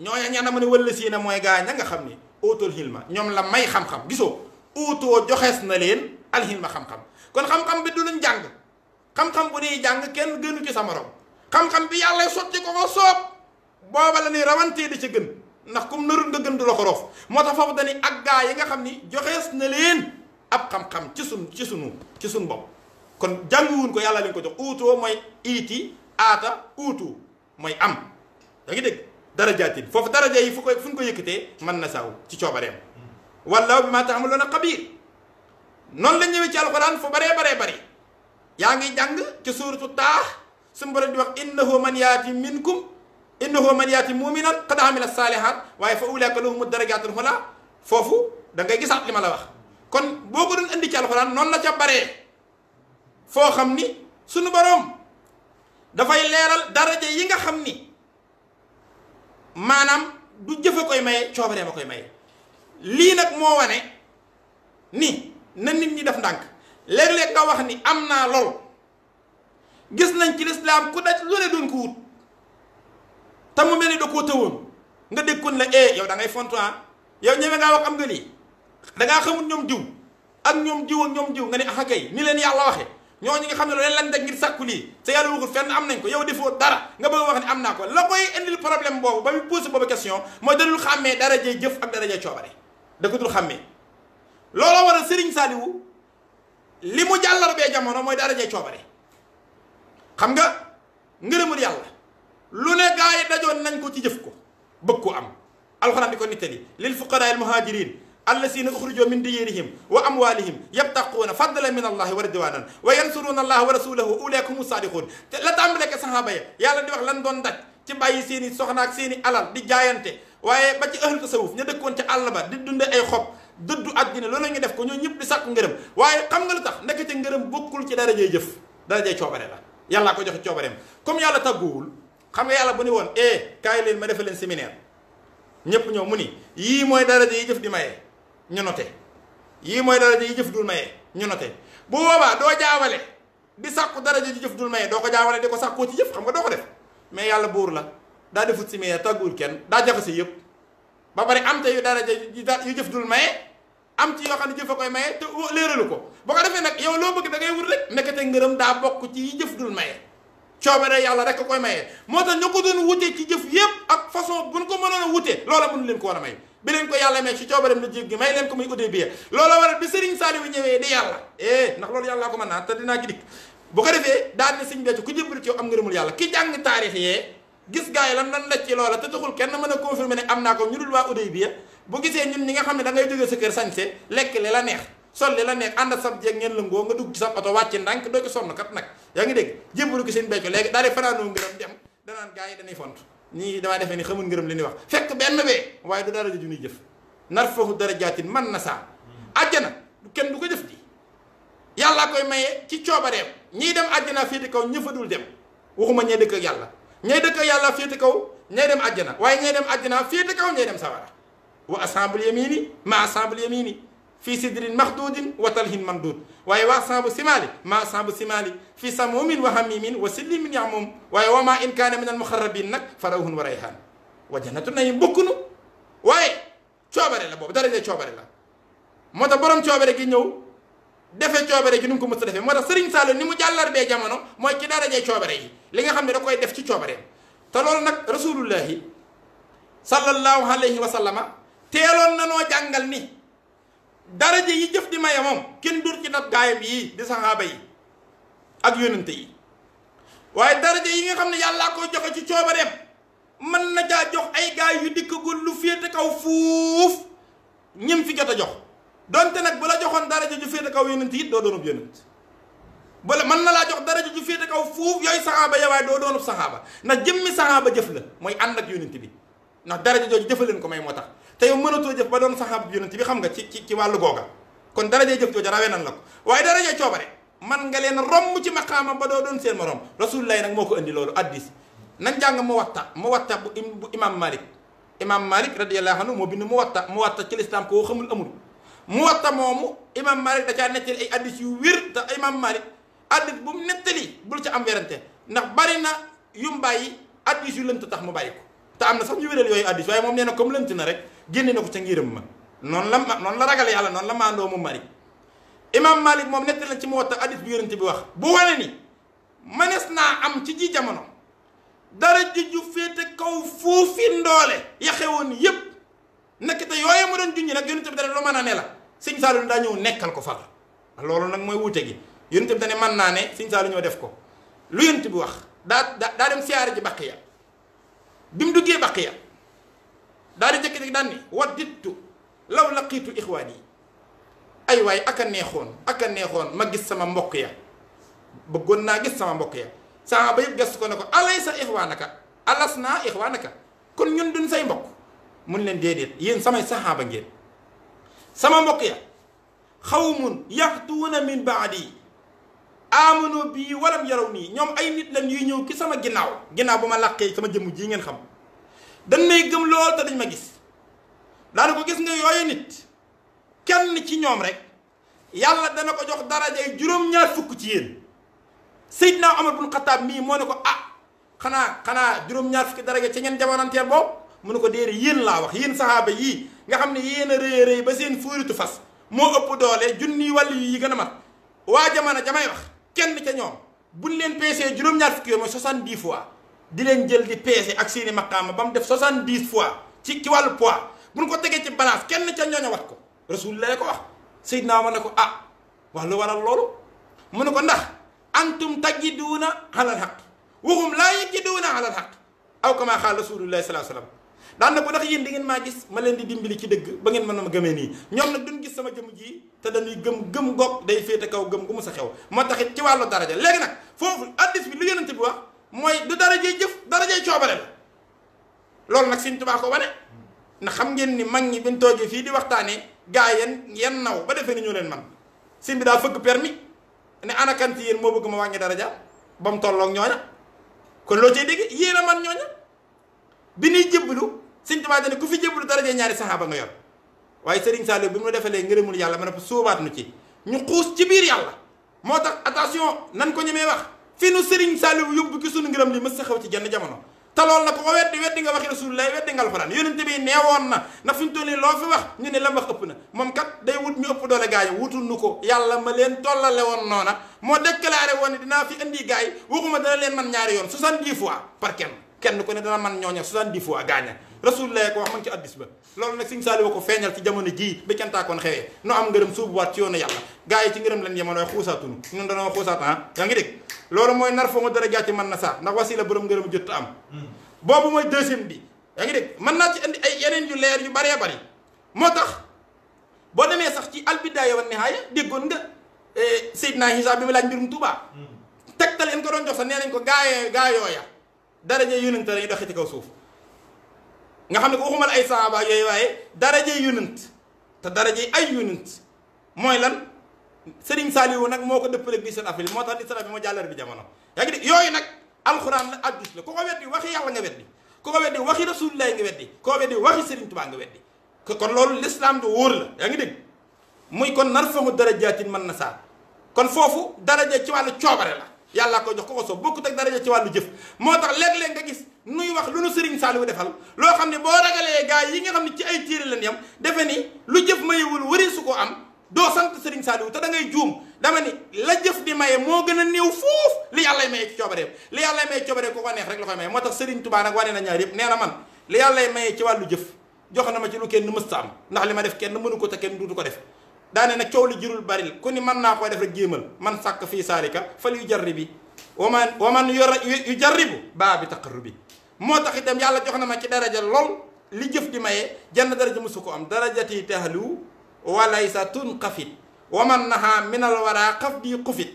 [SPEAKER 1] ñooña ñana ma ne wëlla sii na mooy gaa ña nga xam ne ootul xilma ñoom la may xam-xam gisoo uutoo joxees na leen alxilma ma xam kon xam-xam bi du jàng xam-xam bu nuy kenn gënu ci sa morom xam bi yàlla sotti ko ko soob booba la ni rawantee di ca gën ndax kum narul nga gën du la ko roof moo tax foofu dañuy ak gaa yi nga xam ni joxees na leen ab xam-xam ci sun ci sunu ci sun bopp kon jànguwuñ ko yàlla leen ko jox uutoo mooy iiti aata uutu mooy am da ngi dégg darajaatin foofu daraja yi fu ko fu ñu ko yëkkatee man na saaw ci coobareem wallaahu bimaa ta'maluuna noonu la ñëwee ci alxuraan fu baree baree bari yaa ngi jàng ci suuratu taax suñu borom di wax innahu man yaati minkum innahu man yaati muminan qad amila saalihaat waaye fa ulaa'ika lahumu darajaatul hulaa foofu da ngay gisaat li ma la wax kon boo ko doon indi ci alxuraan noonu la ca baree foo xam ni sunu boroom dafay leeral daraja yi nga xam ni maanaam du jëf a koy maye coobaree ba koy maye lii nag moo wane ni na nit ñi def ndànk léeg-léeg nga wax ni am naa lool gis nañ ci lislaam ku daj lu ne doon ko wut te mu mel ni da koo tëwoon nga dégg kon la eh yow da ngay fontu ah. yow ñeme ngaa wax am nga lii da ngaa ñoom jiw ak ñoom jiw ak ñoom jiw nga ne ax a ni leen yàlla waxe ñoo ñooñu nga xam ne loolu lañ daj ngir sàkku lii te yàlla waxul fenn am nañ ko yow defoo dara nga bëgg a wax ne am naa ko la koy indil problème boobu ba mu posé boobu question mooy dadul xàmmee darajee jëf ak darajee coobare da ko dul xàmmee looloo waral Serigne Saliou li mu jàllar bee jamono mooy darajee coobare xam nga ngërëmul yàlla lu ne gaa yi dajoon nañ ko ci jëf ko bëgg ko am alxuraan di ko nittali lil fuqaraa al muhaajiriin allazina uxrijoo min diyarihim wa amwalihim yabtaquuna fadlan min allahi wa ridwanan wa yansuruna allaha wa rasulahu ulaaika humu saadiqun te la tàmbalee ko sahaaba ya yàlla di wax lan doon daj ci bàyyi seen i soxna ak seen i alal di jaayante waaye ba ci ahlu tasawuf ña dëkkoon ci àll ba di dunde ay xob dëddu àddina loolu ñu def ko ñoo ñëpp di sàkku ngërëm waaye xam nga lu tax ndekete ngërëm bokkul ci darajay jëf darajay coobare la yàllaa ko joxe coobareem comme yàlla tàgguwul xam nga yàlla bu ni woon eh kaay leen ma defa leen séminaire ñëpp ñëw mu ni yii mooy daraja yi jëf di maye ñu noté yii mooy daraja yi jëf dul maye ñu noté bu boobaa doo jaawale di sàkku daraja ji jëf dul maye doo ko jaawale di ko sàkkoo ci jëf xam nga doo ko def mais yàlla buur la daa defut si maye tàgguwul kenn daa jaxase yëpp ba pare am te yu daraja yu jëf dul maye am ci yoo xam ne jëf a koy maye te léeralu ko boo ko defee nag yow loo bëgg da ngay wut rek nekkate ngërëm daa bokk ci yi jëf dul maye coobare yàlla rek a koy maye moo tax ñu ko doon wute ci jëf yëpp ak façon buñ ko mënoon a wute loola mënu leen ko war a may bi leen ko yàlla may ci coobareem la jéggi may leen ko muy Hudaybiya looloo waral bi Serigne Saliou ñëwee di yàlla eh ndax loolu yàllaa ko mën naa te dinaa ci dikk bu ko defee daan ne sëñ becc ku jëmbali ci yow am ngërëmul yàlla ki jàng taarix yee gis gars yi lan lan laj ci loola kenn a confirmer ne am naa ko ñu dul waa Hudaybiya bu gisee ñun ñi nga xam ne da ngay jógee sa kër sañse lekk li la sol li la neex ànd ak sab nga dugg ci oto wàcc ndànk doo ci kat nag yaa ngi dégg jëmbalu ko seen becc léegi daal di dem danaan gaa yi dañuy font nii damaa defee ni xamul ngërëm li ñuy wax fekk benn bee waaye du dara ju ñuy jëf narfahu darajaatin man na saa àjjana du kenn du ko jëf di yàllaa koy maye ci coobareem ñiy dem àjjana féete kaw ñëfa dul dem waxuma ñee dëkk ak yàlla ñay dëkk ak yàlla féete kaw ñay dem àjjana waaye ñay dem àjjana féete kaw ñay dem sawara wa assemble yamini ma assemble yamini في سدر مخدود وطله مندود ويوا صاب سمالي ما صاب سمالي في سموم وهميم وسلم يعموم ويوا ما إن كان من المخربين نك فروه وريحان وجنة النعيم بكنو وي تشوبر لا بوب دارين تشوبر لا مودا بروم تشوبر كي نيو ديف تشوبر كي نكو مسو ديف مودا سيرين سالو نيمو جالار بي جامانو موي كي دارا جي تشوبر يي ليغا خامني داكوي ديف سي تشوبر تا لول نك رسول الله صلى الله عليه وسلم تيلون نانو جانغال ني daraja yi jëf di maye moom kenn du ci nag gaayam yii di saxaaba yi ak yónnante yi waaye daraja yi nga xam ne yàllaa ko joxe ci coobareem mën na jaa jox ay gaay yu dikkagul lu féete kaw fuuf ñim fi jot a jox donte nag bu la joxoon daraja ju féete kaw yónnante it doo doonub mën na laa jox daraja ju féete kaw fuuf yooyu saxaaba ya waaye doo doonub saxaaba ndax jëmmi saxaaba jëf la mooy ànd ak yónnante bi ndax daraja jooju jëfaleen ko may moo tax te yow mënatoo jëf ba doon saxaab yonent bi xam nga ci ci ci wàllu googa kon darajee jëf jooja rawee nan la ko waaye darajee coobare man nga leen romb ci maqaama ba doo doon seen morom rasulullahi nag moo ko indi loolu addis nan jàng mu watta mu watta bu bu imam malik imam malik radiyallahu anhu moo bind mu watta mu watta ci lislaam koo xamul amul mu watta moomu imam malik da caa nettali ay addis yu wér te imam malik addis bu mu nettali bul ca am werante ndax bari na yu mu bàyyi addis yu lënt tax mu bàyyi ko te am na sax ñu wéral yooyu addis moom nee na comme lënt na rek génne na ko ca ngiram ma noonu la ma noonu la ragal yàlla noonu la maandoo mu mari imam malik moom nett la ci moo tax hadis bi yonent bi wax bu wane ni naa am ci ji jamono dara ju féete kaw foofi ndoole yaxewoon yépp nekk te yooye ma doon junj nag yonent bi dane lu mën a ne la sëñ Saalu daa ñëw ko far loolu nag mooy wuute gi yonent bi naa ne sëñ ñoo def ko lu yonent bi wax daa daa dem siyaare ji Baqiya bi mu duggee Baqiya daal di jëkki-jëkki daan ni waddittu law laqiitu ixwaan yi ay waay ak a neexoon ak a neexoon ma gis sama mbokk ya bëggoon naa gis sama mbokk ya sama ko ne ko alay sa ixwaanaka kon ñun duñ say mbokk mun leen déedéet yéen samay saxaaba ngeen sama mbokk ya xawmun yaxtuuna min baadi amanu bii walam yaraw nii ñoom ay nit lañ yuy ñëw ki sama ginnaaw ginnaaw ba ma làqee sama jëmm jii ngeen xam dañ may gëm lool te dañ ma gis daana ko gis nga yooyu nit kenn ci ñoom rek yàlla dana ko jox darajay juróom-ñaar fukk ci yéen Seydina Omar bun Xataab mii moo ne ko ah xanaa xanaa juróom-ñaar fukki daraja ci ngeen jamonanteel boobu mu ne ko déere yéen laa wax yéen saxaaba yii nga xam ne yéen a rëy ba seen fuuritu fas moo ëpp doole junni wàll yi gën a mat waa jamono jamay wax kenn ca ñoom buñ leen peesee juróom-ñaar fukki yooyu mooy soixante fois di leen jël di peese ak seeni maqaama ba mu def 70 fois ci ci wàllu poids bu ñu ko tegee ci balance kenn ca ñooña wax ko rasulullah ko wax Seydina ma ne ko ah wax lu waral loolu mu ne ko ndax antum tajiduuna alal xaq waxum laa yajiduuna alal xaq aw kama xaal rasulullah salaa salaam daan na ko ndax yéen di ngeen maa gis ma leen di dimbali ci dëgg ba ngeen mën a ma gëmee nii ñoom nag duñ gis sama jëm ji te dañuy gëm gëm goog day féete kaw gëm gu mu sa xew moo taxit ci wàllu daraja léegi nag foofu addis bi lu yonente bi wax moy du dara jëy jëf dara jëy coobare la loolu nag Sëriñ Tuubaa ko wone na xam ngeen ni mag ñi biñ toogee fi di waxtane gaa yen yan naw ba defee ñu leen man seigne bi da fëgg permis ne anakanti yeen mo bëgg ma wàññi daraja ba mu tolloog ñooña kon lo ci dig yeena man ñoña bi ni jébbalu seigne touba dañ ku fi jébbalu daraja ñaari sahaba nga yor waye Serigne sallu bimu defale defalee yalla man ko nu ci ñu xoos ci biir yalla motax attention nan ko ñemee wax fi nu Serigne Saliou yóbbu ki sunu ngërëm li mës sa xew ci jenn jamono te loolu nag ko weddi weddi nga waxi rasulullah weddi nga alxuraan yonente bi neewoon na ndax fi mu toll nii fi wax ñu ne la wax ëpp na moom kat day wut ñu ëpp doole gaay yi ko yàlla ma leen tollale woon noona moo déclaré woon ne dinaa fi indi gaay waxuma dana leen man ñaari yoon 70 fois par kenn kenn ku ne dana man ñooña 70 fois gaaña rasulullah ko wax man loolu nag ko feeñal ci jamono jii ba kentaakoon xewee no am ngërëm suubuwaat ci yoonu loolu mooy nar fa ma dara jàcc man na saa ndax wasila borom ngërëm jot am boobu mooy deuxième bi yaa ngi dégg mën naa ci indi ay yeneen yu leer yu baree bare moo tax boo demee sax ci albidaaya wa nihaaya déggoon nga eh, Seydina Isa bi mu laaj mbirum Tuubaa tegtal leen ko doon jox nee nañ ko gaayee gaayooya daraje yonent lañuy doxee ci kaw suuf nga xam ne ko waxumal ay saaba yooyu waaye daraje yonent te dara daraje ay yonent mooy lan Serigne Saliou nag moo ko dëppaleeg 17 avril moo tax 17 avril moo jàllar bi jamono yaa ngi dégg yooyu nag alxuraan la addis la ku ko weddi waxi yàlla nga weddi ku ko weddi waxi rasulullah nga weddi ku ko weddi waxi Serigne Touba nga weddi kon loolu l'islam du wóor la yaa ngi dégg muy kon narfa'u darajaatin man nashaa kon foofu daraja ci wàllu coobare la yàllaa ko jox ko ko soob bokkut ak daraja ci wàllu jëf moo tax léeg-léeg nga gis nuy wax lu nu Serigne Saliou defal loo xam ne boo ragalee gars yi nga xam ne ci ay téere lañ yam defe ni lu jëf mayewul wëri su ko am doo sant Serigne Saliou te da ngay juum dama ni la jëf di maye moo gën a néew foofu li yàllay maye ci coobareem li yàllay maye coobareem ku ko neex rek la koy maye moo tax Serigne Touba wane na ñaar na man li yàllay maye wàllu jëf jox na ma ci lu kenn mës am ndax li ma def kenn mënu ko te kenn duutu ko def daane nag coow li jurul baril ku ni mën naa def rek jéemal man sàkk fii saalika fal yu jarri bi man waman yor yu jarribu baa bi taqarru bi moo tax itam yàlla jox na ma ci daraja lool li jëf di maye jenn daraja mësu ko am darajati tahlu walaysa tunqafit waman naha min alwara xafdi qufit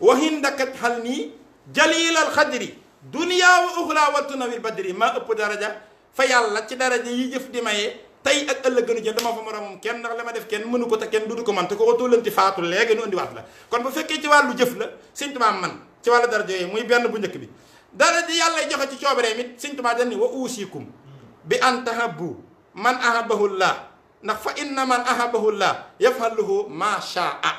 [SPEAKER 1] wa hindakat xal nii jalil alxadri duniya wa uxra wa tunawil badri maa ëpp daraja fa yàlla ci daraja yi jëf di maye tey ak ëllëg gënu jënd dama fa moromam kenn ndax la ma def kenn mënu ko te kenn dudu ko man te ko ko tóllanti faatu léegi nu indiwaat la kon bu fekkee ci wàllu jëf la Sëñ Tuubaa man ci wàllu daraja yooyu muy benn bu njëkk bi daraja yàlla joxe ci coobareem it Sëñ Tuubaa dañ ni wa uusikum bi an tahabbu man ahabahullah ndax fa inna man ahabahullah ya ma shaa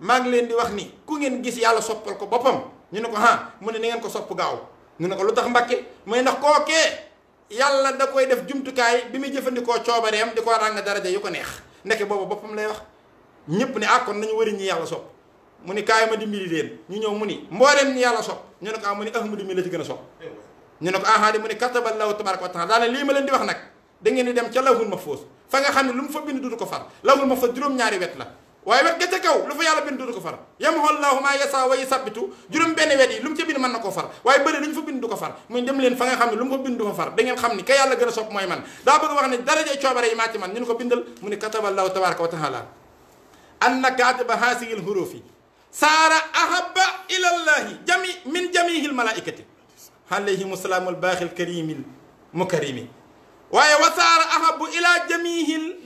[SPEAKER 1] maa ngi di wax ni ku ngeen gis yalla soppal ko bopam ñu ne ko ha mu ne ngeen ko sopp gaaw ñu ne ko lutax tax mu ne ndax kookee yalla da koy def jumtukaay bi mi jëfandikoo coobareem diko rang ràng yu ko neex ndeke bobu bopam lay wax ñepp ne akon ah, nañu wëri ñi yalla sopp mu ne kay ma dimbali len ñu ñew mu ni mbooleem ni yalla sopp ñu ne ko ah, mu ni ahmadu mi la ci gëna ñu ne ko aha di mu ne kataballahu tabaraka wa taala li ma len di wax nak da ngeen di dem ca lawhul mahfuz fa nga xam ne fa bind dudu ko far lawhul mahfuz juróom-ñaari wet la waaye wet ga ca kaw lu fa yàlla bind dudu ko far yamhu llaahu maa yasaa wa yusabbitu juróom benn wet yi lu mu ca bind mën na far waaye bëri lu ñu fa bind du ko far muy dem leen fa nga xam ne lu mu fa bind du fa far da ngeen xam ni ka yàlla gën a sopp mooy man daa bëgg wax ne darajey coobare yi maa ci man ñu ne ko bindal mu ne kataba llaahu tabaraka wa taala anna kaatiba haasihi lhurufi saara ahabba ila llaahi jami min jamihi lmalaikati alayhim salaamu lbaaxi lkarimi mukarimi waaye wasaara ahabu ila jamihi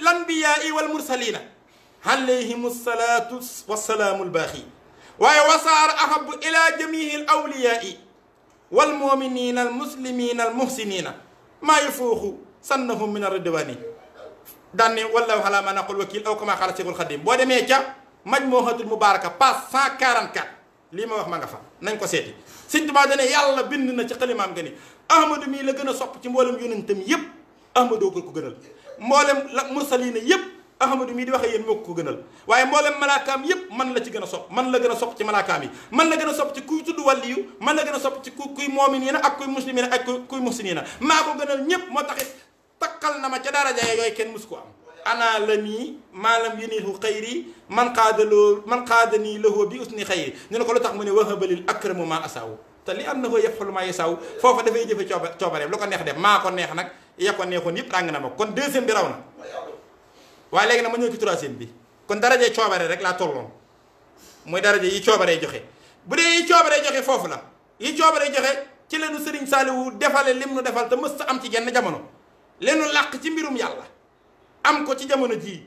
[SPEAKER 1] lanbiyaai walmursalina alayhim salaatu wasalaamu lbaaxi waaye wasaara ahabu ila jamihi alawliyaai walmuminina almuslimina almuhsinina maa yafuuxu sannahum min arridwaani ridwani ne wallahu ala ma naqul wakil aw kama xaala cheikhul xadim boo demee ca majmuhatul mubaraka page 144 lima ma wax ma nga fa nañ ko seeti sëñ Tuubaa dane yàlla bind na ci xalimaam nga ahmadu mi la gëna sopp ci mbolam yonentam yépp ahmadoo ko ko gënal mbolam la mursaliina yépp ahmadu mi di waxe yéen moko ko gënal waye mbolam malakam yépp man la ci gëna sopp man la gëna sopp ci malakam yi man la gëna sopp ci kuy tuddu waliyu man la gëna sopp ci ku kuy moominiina ak kuy muslimin ak kuy muslimina mako gënal ñépp mo taxit takal na ma ci dara jaay yoy ken musko am ana la nii maalam yunihu xayri man qadalo man qadani lahu bi usni xayri ñu ko lu tax mu ne wahabalil akramu ma asaawu te li am na ko yëpp xalumaa yi saw foofa dafay jëfe cooba coobareem lu ko neex def maa ko neex nag ya ko neexoon yëpp ràng na ma kon deuxième bi raw na waa léegi nag ma ñëw ci troisième bi kon daraje coobare rek laa tolloon mooy daraje yi coobaree joxe bu dee yi coobaree joxe foofu la yi coobaree joxe ci leenu sëriñ saaliwu defale lim nu defal te mës am ci genn jamono leenu làq ci mbirum yàlla am ko ci jamono ji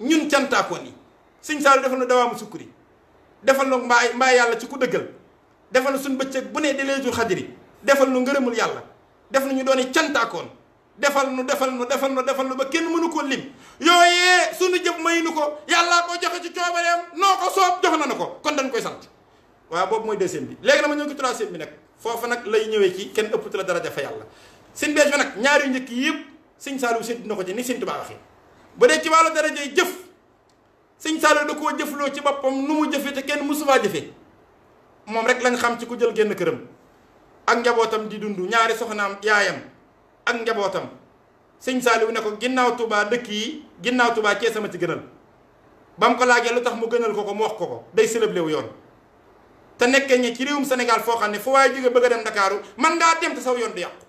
[SPEAKER 1] ñun cantaakoon yi sëriñ saaliwu defal nu dawaamu sukkuri defal na mbaa yàlla ci ku dëggal defal na suñu bëccëg bu ne di leetul xadiri defal nu ngërëmul yàlla def nu ñu doon cantaakoon defal nu defal nu defal nu defal nu ba kenn mënu ko lim yooyee suñu jëf may nu ko yàlla ko joxe ci coobareem noo ko soob jox na nu ko kon dañ koy sant waaw boobu mooy deuxième bi léegi ma ñëw ci troisième bi nag foofu nag lay ñëwee ci kenn ëppatu la dara jafe yàlla seen bees bi nag ñaari njëkk yëpp sëñ Saliou seet dina ko ci ni sëñ Tuubaa waxee bu dee ci wàllu daraja jëf sëñ Saliou da koo jëfloo ci boppam nu mu jëfee te kenn musu faa jëfee moom rek lañ xam ci ku jël génn këram ak njabootam di dund ñaari soxnaam yaayam ak njabootam sëñ Saaliw ne ko ginnaaw tubaa dëkk yi ginnaaw tubaa cee sama ci gënal ba mu ko laajee lu tax mu gënal ko ko mu wax ko ko day sëlëblewu yoon te nekkee ñi ci réewum senegal foo xam ne fu waaye jóge bëgg a dem Dakaaru man ngaa dem te saw yoon du yàqu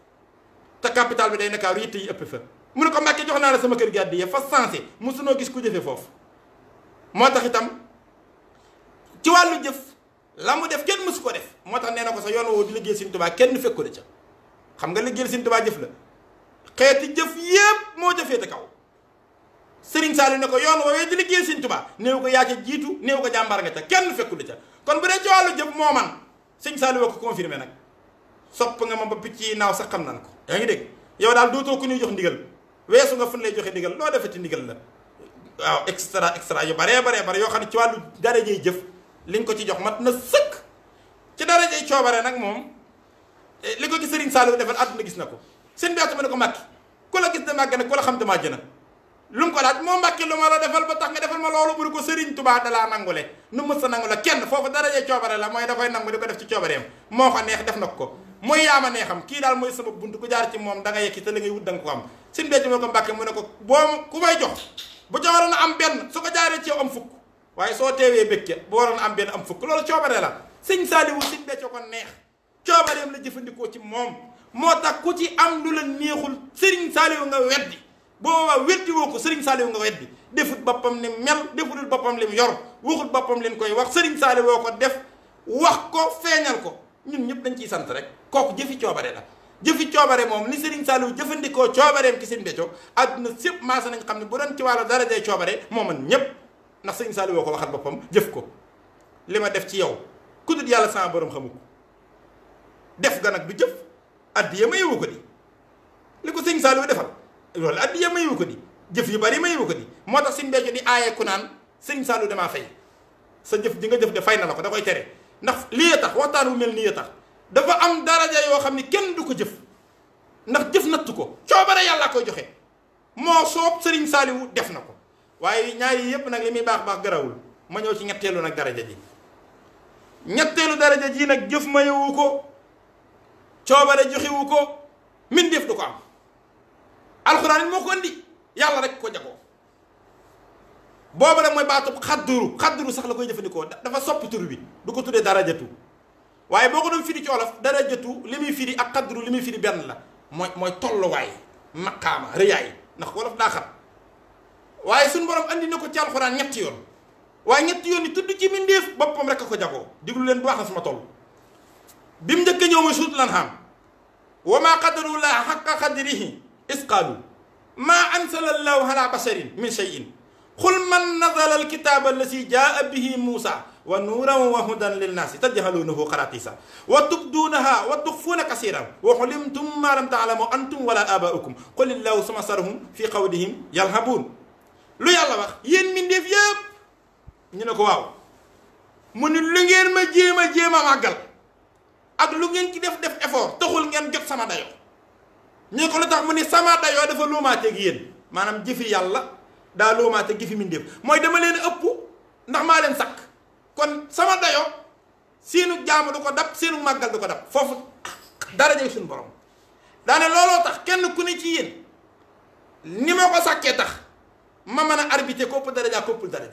[SPEAKER 1] te capital bi day Dakaaru yitte yi ëpp fa mu ne ko Mbàkke jox naa la sama kër gi àddiya fa sensé gis ku jëfe foofu moo ci wàllu jëf la mu def kenn mësu ko def moo tax nee na ko sa yoon woo di liggéey Sëriñ Tuubaa kenn fekku la ca xam nga liggéey Sëriñ Tuubaa jëf la xeeti jëf yépp moo jëfee te kaw Sëriñ Saliou ne ko yoon woowee di liggéey Sëriñ Tuubaa néew ko yaa ca jiitu néew ko jàmbaar nga ca kenn fekku la ca kon bu dee ci moo man Sëriñ Saliou ko confirmé nag sopp nga ma ba picc yi naaw sax xam nan ko yaa ngi dégg yow daal dootoo ku ñuy jox ndigal weesu nga fu ñu lay joxe ndigal loo defati ndigal la waaw extra extra yu baree baree bare yoo xam ne ci wàllu dara jëf liñ ko ci jox mat na sëkk ci dara jay coobare nag moom eh, li ko gis Serigne Saliou defal àdduna gis na ko seen bi atuma ne ko màkki ku la gis de xam damaa jëna lu ko moo màkki lu ma la defal ba tax defal ma loolu bu ko Serigne Touba dalaa nangule nu mës sa nangu la kenn foofu dara jay coobare la mooy da koy nangu di ko kii daal mooy sama bunt ku jaar ci moom da nga ko am seen bi atuma ne ko màkki mu boo ku may jox bu jawaroon a am benn su ko jaaree ci am fukk waaye soo teewee békke bu waroon am benn am fukk loolu coobare la sëñ Saaliwu sëñ Béthio ko neex coobareem la jëfandikoo ci moom moo tax ku ci am lu la neexul sëriñ Saaliwu nga weddi booba weddi woo ko sëriñ Saaliwu nga weddi defut boppam ni mel defutul boppam lim yor waxul boppam leen koy wax sëriñ Saaliwu woo ko def wax ko feeñal ko ñun ñëpp dañ ciy sant rek kooku jëfi coobare la jëfi coobare moom ni Serigne Saliou jëfandikoo coobareem ki seen Béthio àdduna sépp maasa nañ xam ne bu doon ci wàllu dara day coobare moom mën ñëpp ndax seigne Saliou ko waxat bopam def ko lima def ci yow ku dul yàlla sama borom xamuko def ga nak du def adiya may wuko di liko seigne sëñ defal lol adiya may wuko di def yu bari may wuko di motax seigne suñ di ayé ku nan seigne Saliou dama fay sa def di nga def de fay na lako da koy tere ndax li tax waxtaan wu mel nii ya tax dafa am daraja yo xamni kenn du ko def ndax def natuko ko yàlla koy joxe mo soob sëriñ Saliou def nako waaye ñaar yi yëpp nag li muy baax baax garawul ma ñëw ci ñetteelu nag daraja ji ñetteelu daraja ji nag jëf mayewu ko coobare joxiwu ko mit def du ko am alxuraan moo ko andi yàlla rek ko jagoo boobu nag mooy baatub xadduru xadduru sax la koy jëfandikoo dafa soppi tur bi du ko tuddee darajatu waaye boo ko doon firi ci olof darajatu li muy firi ak xadduru li muy firi benn la mooy mooy tolluwaay maqaama rëyaay ndax wolof daa xam waaye suñu borom andi na ko ci alxuraan ñetti yoon waaye ñetti yoon yi tudd ci mbindeef boppam rek a ko jagoo diglu leen bu baax na sama toll bi mu njëkk a ñëw mooy suut lan xam wa maa qadaru laa xaqa qadrihi isqaalu maa ansala allahu ala basarin min cheyin xul man nazala alkitaaba allasi jaa bihi muusa wa nuuran wa hudan linnaasi tajhaluunahu xaratiisa wa tubduunaha wa tuxfuuna kasiiran wa xulimtum maa lam taalamu antum wala aabaaukum qul illahu sumasarahum fi qawlihim yalhabuun lu yàlla wax yéen mbindeef yépp ñu ne ko waaw mu ni lu ngeen ma jéem a jéem a màggal ak lu ngeen ci def def effort taxul ngeen jot sama dayo ñu ko lu tax mu ni sama dayoo dafa luumaateeg yéen maanaam jëfi yàlla daa luumaateeg jëfi mbindeef mooy dama leen ëpp ndax maa leen sakk kon sama dayoo seenu jaamu du ko dab seenu màggal du ko daf foofu dara jël suñu borom daane looloo tax kenn ku ne ci yéen ni ma ko sàkkee tax ma mën a arbité ko ëpp daraja ko ëppul daraja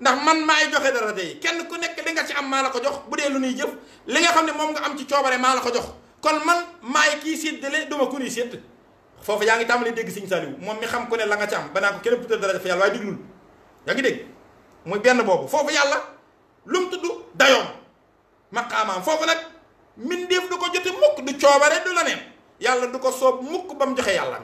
[SPEAKER 1] ndax man maay joxe daraja yi kenn ku nekk li nga ci am maa la ko jox bu dee lu nuy jëf li nga xam ne moom nga am ci coobare maa la ko jox kon man maay kii séddale duma ku nuy sédd foofu yaa ngi tàmbali dégg Sëñ Saliou moom mi xam ko ne la nga ci am banaa ko kenn ëpp daraja fa yàlla waaye diglul yaa dégg muy benn boobu foofu yàlla lu mu tudd ma maqaamaam foofu nag mbindeef du ko jote mukk du coobare du la yàlla du ko soob mukk ba mu joxe yàlla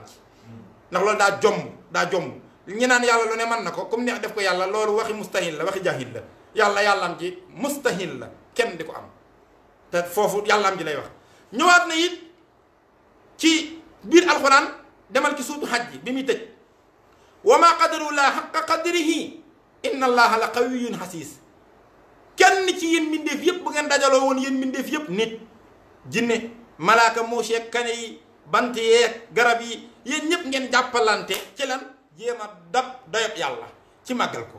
[SPEAKER 1] ndax loolu daa jomb daa jomb ñi naan yàlla lu ne mën na ko comme neex def ko yàlla loolu waxi mustahil la waxi jahil la yàlla yàllaam ji mustahil la kenn di ko am te foofu yàllaam ji lay wax ñëwaat na it ci biir alxuraan demal ci suutu xaj ji bi muy tëj wa ma qadarullah xaqa qadrihi inna allaha la qawiyun xasiis kenn ci yéen mbindeef yépp bu ngeen dajaloo woon yéen mbindeef yépp nit jinne malaaka muuseeg kane yi bant yeeg garab yi yéen ñëpp ngeen jàppalante ci lan jéem a dab doyob yàlla ci màggal ko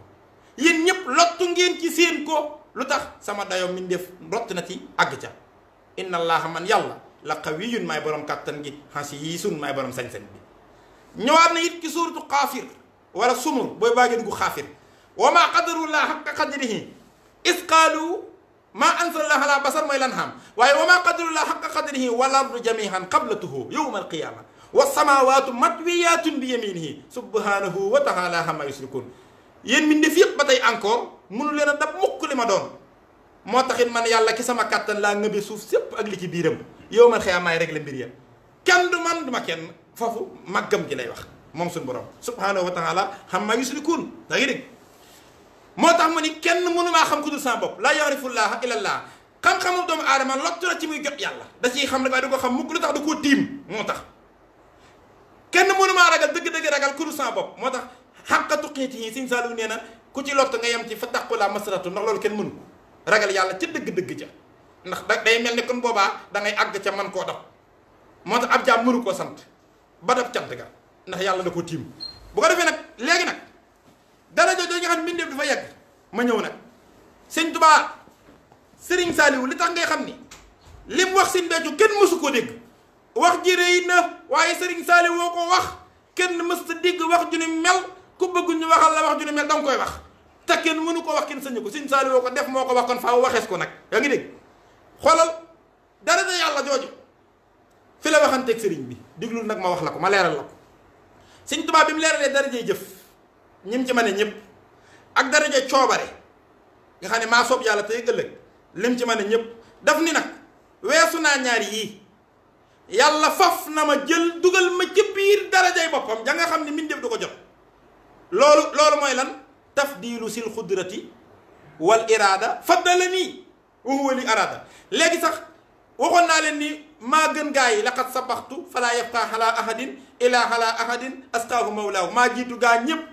[SPEAKER 1] yéen ñëpp lottu ngeen ci seen ko lu tax sama dayo min def rott na ci àgg ca inna allaha man yàlla la qawiyun maay borom kàttan gi hasiisun maay borom sañ-sañ ñëwaat na it ki suuratu xaafir wala sumur booy baajo dugg xaafir wa maa qadarullaa xaqa qadrihi is qaalu maa ansalallahu ala basar mooy lan xam waaye wa maa qadarullaa xaqa qadrihi wal ardu jamihan qablatuhu yowma alqiyama wa samaawaatu matwiyaatun bi yaminihi subhanahu wa taala xama yusrikun yéen min def yëpp ba tey encore munu leen a dab mukk li ma doon moo taxit man yàlla ki sama kàttan laa ngëbe suuf sépp ak li ci biiram yow man a maay régler mbir ya kenn du man du ma kenn foofu màggam gi lay wax moom suñu borom subhanahu wa taala xama yusrikun daa ngi dégg moo tax mu ni kenn mënu maa xam ku dul sama bopp laa yarifullaha illallah xam-xamul doomu aadama lottu na ci yàlla da ciy xam nag waaye du xam mukk lu tax du koo moo tax kenn mënumaa ragal dëgg-dëgg ragal kuru sans bopp moo tax xàqatu xiiti yi Sëñ Saaliw nee na ku ci lott nga yem ci fa taqula masratu ndax loolu kenn mënu ragal yàlla ca dëgg-dëgg ca ndax da day mel ni kon boobaa da ngay àgg ca man koo dab moo tax ab jaam mënu koo sant ba dab cant ga ndax yàlla da ko tiim bu ko defee nag léegi nag dara jooju nga xam mbindeef ma ñëw nag sëñ Tuubaa sëriñ Saaliw li tax ngay xam ni li mu wax sëñ Béthio kenn mësu koo dégg wax ji yi na waaye Serigne Saliou woo ko wax kenn mësta digg wax ju ni mel ku bëgg ñu waxal la wax ju ni mel danga koy wax te kenn mënu ko wax kenn sañu ko Serigne Saliou woo ko def moo ko wax kon faaw waxees ko nag yaa ngi dégg xoolal dara da yàlla jooju fi la waxanteeg sëriñ bi diglul nag ma wax la ko ma leeral la ko Serigne Touba bi mu leeralee darajee jëf ñim ci ma ne ñëpp ak darajee coobare nga xam ne maa soob yàlla tey ëllëg lim ci ma ne ñëpp daf ni nag weesu naa ñaari yii yàlla faf na ma jël dugal ma ci biir darajay boppam ja nga xam ne min def du ko jot loolu loolu mooy lan tafdilu sil xudrati wal iraada faddala nii wa huwa li araada léegi sax waxoon naa leen ni maa gën gaa yi laqad sabaxtu falaa yabqa xalaa ahadin ilaa xalaa ahadin astaahu mawlaahu maa jiitu gaa ñépp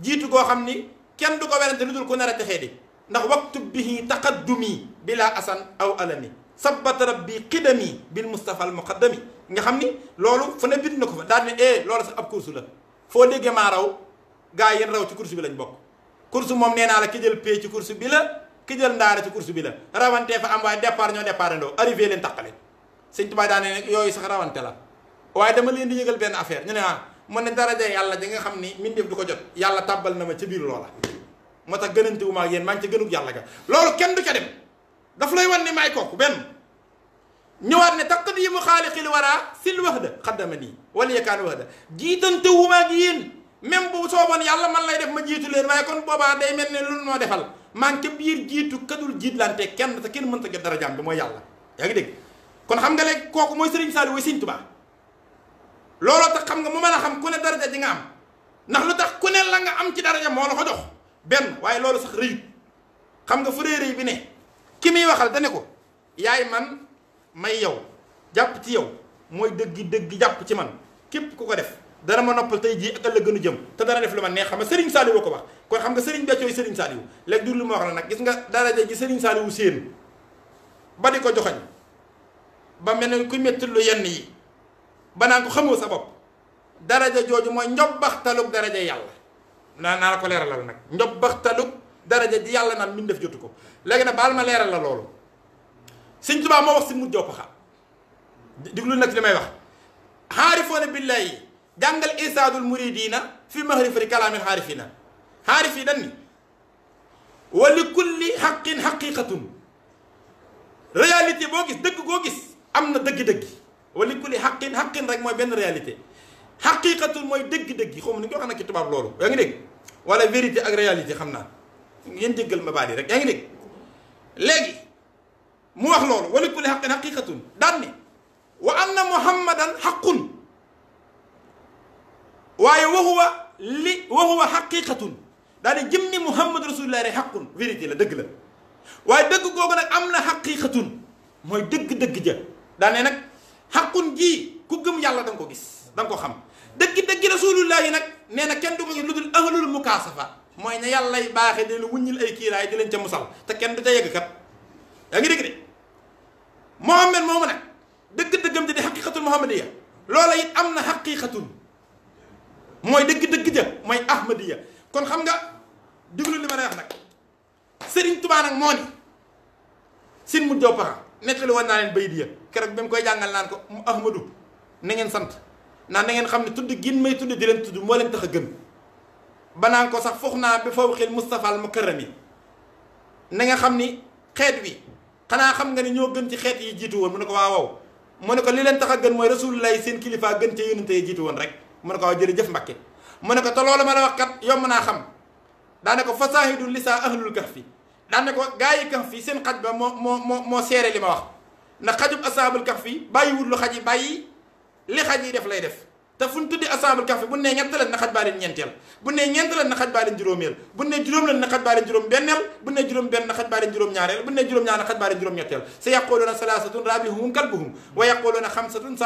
[SPEAKER 1] jiitu goo xam ni kenn du ko werante lu dul ko nar a texee di ndax waxtu bihi taqaddumi bila asan aw alami sabbat rabbi qidami bil mustafa al muqaddami nga xam ni loolu fu ne bind na ko fa daal ne eh, loolu sax ab kursu la foo déggee maa raw gaa yéen raw ci kursu bi lañ bokk kursu moom nee naa la ki jël pee ci kursu bi la ki jël ndaara ci kursu bi la rawantee fa am waaye départ ñoo départ ndoo arrivé leen taqale sëñ Tuubaa daa ne yooyu sax rawante la waaye dama leen di yëgal benn affaire ñu ne ah mën ne daraja yàlla di nga xam ni mbindeef du ko jot yàlla tàbbal na ma ca biir loola moo tax gënante wu ma ak yéen maa ngi ca gënug yàlla ga loolu kenn du ca dem daf lay wone ni may kooku ben ñewat ne taqdimu khaliqil wara sil wahda qaddamani wal wala wahda jiitante wuma ak yéen même bu sooboon yalla man lay def ma jitu leen waaye kon boba day mel lu no defal man ca bir jitu kadul jiitlante kenn ta kenn mënta ge dara jam bi moy yalla yaa ngi dégg kon xam nga lek kooku moy serigne Saliou way sëriñ tax xam nga mu meena xam ku ne daraja di nga am nak lu tax ku ne la nga am ci mo la ko jox ben waye lolo sax reuy xam nga fu bi ne ki muy waxal dane ko yaay man may yow jàpp ci yow mooy dëgg dëgg jàpp ci man képp ku ko def dana ma noppal tey jii ak ëllëg gënu jëm te dana def lu ma neex xam nga Serigne Saliou ko wax kon xam nga Serigne Béthio Serigne Saliou léegi du lu ma wax la nag gis nga daraja ji Serigne Saliou séen ba di ko joxoñ ba mel ne ku metti lu yenn yi ba naan ko xamoo sa bopp daraja jooju mooy njobbaxtalug daraja yàlla naa naa la ko leeralal nag njobbaxtalug daraja ji yàlla naan min def jotu ko léegi nag baal ma leeral la loolu sëñ Tuubaa moo wax si mujjoo paxa diglu nag li may wax xaarifoona billahi jàngal isaadul muridina fi mahrifati kalaamil xaarifina xaarif yi danni wa li kulli xaqin xaqiqatun réalité boo gis dëgg goo gis am na dëgg-dëgg wa li kulli xaqin xaqin rek mooy benn réalité xaqiqatun mooy dëgg-dëgg xaw ma ni ko wax na ki tubaab loolu yaa ngi dégg wala vérité ak réalité xam naa ngeen jéggal ma baali rek yaa ngi dégg léegi mu wax loolu wali kulli xaqin xaqiqatun daan ni wa anna muhammadan xaqun waaye wa huwa li wa huwa xaqiqatun daal di jëm ni muhammad rasulillah rek xaqun vérité la dëgg la waaye dëgg googu nag am na xaqiqatun mooy dëgg-dëgg ja daan ne nag xaqun ji ku gëm yàlla da nga ko gis da nga ko xam dëgg-dëgg rasulillah yi nag nee na kenn du ma lu dul ahlul mukaasafa mooy ne yàlla lay baaxee di la wuññil ay kiiraay di leen ca musal te kenn du ca yegg kat yaa ngi dégg de Muhammad moomu nag dëgg-dëggam ji di xaqiqatul muhammadiya loola it am na xaqiqatun mooy dëgg-dëgg ja mooy ahmadiya kon xam nga déglu li ma lay wax nag Serigne Touba nag moo ni sin mu jow paxa nettali woon naa leen bayit ya keroog bi mu koy jàngal naan ko mu ahmadu na ngeen sant naan na ngeen xam ne tudd gin may tudd di leen tudd moo leen tax a gën ba naan ko sax foog naa bi faw xil Moustapha al mukarrami na nga xam ni xeet wi xanaa xam nga ni ñoo gën ci xeet yi jiitu woon mu ne ko waa waaw mu ne ko li leen tax a gën mooy rasulullah seen kilifa gën ci yónnante yi jiitu woon rek mu ne ko waaw jërëjëf Mbàkke mu ne ko te la ma la wax kat yomb naa xam daane ko fasaahidu lisaa ahlul kahfi daane ko gaa yi kahfi seen xaj ba moo moo moo moo seere li ma wax ndax xajub asaabul kahfi bàyyiwul lu xaj yi bàyyi li xaj yi def lay def te fu ñu tuddee ashaabul kahfi bu na xaj baa leen ñeenteel bu nee na xaj baa leen juróomeel bu na xaj baa leen juróom benneel na xaj baa leen juróom ñaareel bu kalbuhum wa yaquluuna xamsatun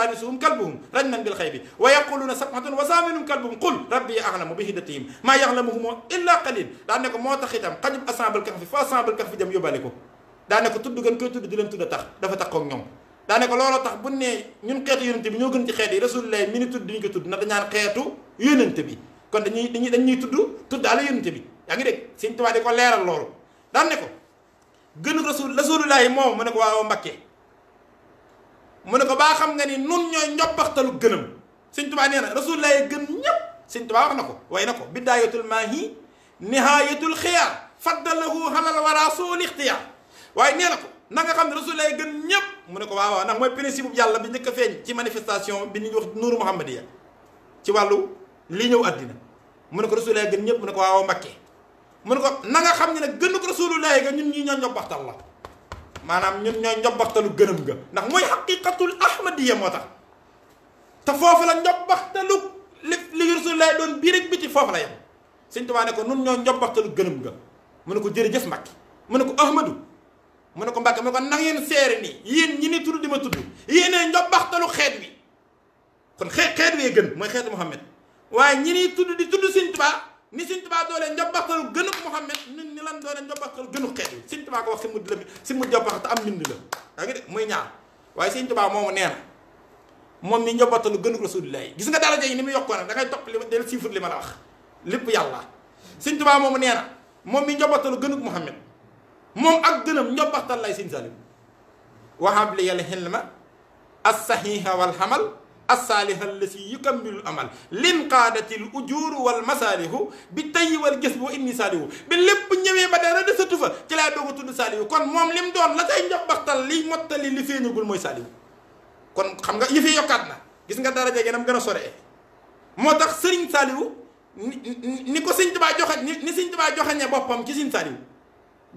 [SPEAKER 1] kalbuhum rajman bil xaybi wa yaquluuna sab'atun kalbuhum qul rabbi a'lamu bi hiddatihim ya'lamuhum illa qalil daa ne ko moo tax itam xajub ashaabul kahfi fa ashaabul kahfi jëm yóbbale ko daa ne ko tudd gën koy daanaka lolo tax bu ne ñun xeetu yonente bi ñoo gën ci xeet yi rasulullah mi ni tudd duñu ko tudd na dañaan xeetu yonente bi kon dañuy dañuy dañuy tudd tuddaale yonente bi ya ngi dégg sëñ Tuubaa di ko leeral loolu daan ne ko gën rasul rasulullah yi moom mu ne ko waaw mbacke mu ne ko ba xam nga ni nun ñoy ñobaxtalu gënam sëñ Tuubaa neena na rasulullah gën ñep sëñ Tuubaa wax nako way nako bidayatul mahi nihayatul khiyar faddalahu halal wa rasul ikhtiyar way neena ko nanga nga xam ne rasulullah gën ñëpp mu ne ko waaw waaw ndax mooy principe bu yàlla bi njëkk a feeñ ci manifestation bi ñuy wax nuuru muhammadiya ci wàllu li ñëw àddina mu ne ko rasulullah gën ñëpp mu ne ko waaw mbakke mu ne ko nanga nga xam ne nag gën ko rasulullah ga ñun ñi ñoo njobbaxtal la maanaam ñun ñoo njobbaxtalu gënam ga ndax mooy xaqiqatul ahmadiya moo tax te foofu la njobbaxtalu li li rasulullah doon biir bi biti foofu la yem Sëñ Tuubaa ne ko nun ñoo njobbaxtalu gënam ga mu ne ko jërëjëf mbakke mu ne ko ahmadu mu ne ko Mbàkke mu ne ko na ngeen seere ni yéen ñi ni tudd di ma tudd yéenee njobbaxtalu xeet wi kon xeet xeet wee gën mooy xeetu Muhammad waaye ñi ni tudd di tudd Sëñ Tuubaa ni Sëñ Tuubaa doole njobbaxtalu gënub Muhammad ñun ni lan doole njobbaxtalu gënu xeet wi Sëñ Tuubaa ko wax si mujj la si mujj jobbaxta am mbind la yaa ngi de muy nee na moom mi njobbaxtalu gënu Rasulullah yi gis nga daraja yi ni mu yokkoo nag da ngay topp li ma del siifur li ma la wax lépp yàlla Sëñ Tuubaa moomu nee moom mi njobbaxtalu gënu Muhammad moom ak dënam njobbaxtal lay sëñ Saaliw wahab liyal hilma as-sahiha wal hamal الصالح الذي يكمل الأمل لنقادة الأجور والمصالح بالتي والجسب إني صالح باللب نيوي با دارا دساتو فا تي لا دوغو تود صالح كون موم لم دون لا تاي نجاب بختال لي موتالي لي فينغول موي صالح كون خمغا يفي يوكات نا غيس nga dara jege nam gëna soré motax serigne saliw ni ko serigne touba joxat ni serigne touba joxane bopam ci serigne saliw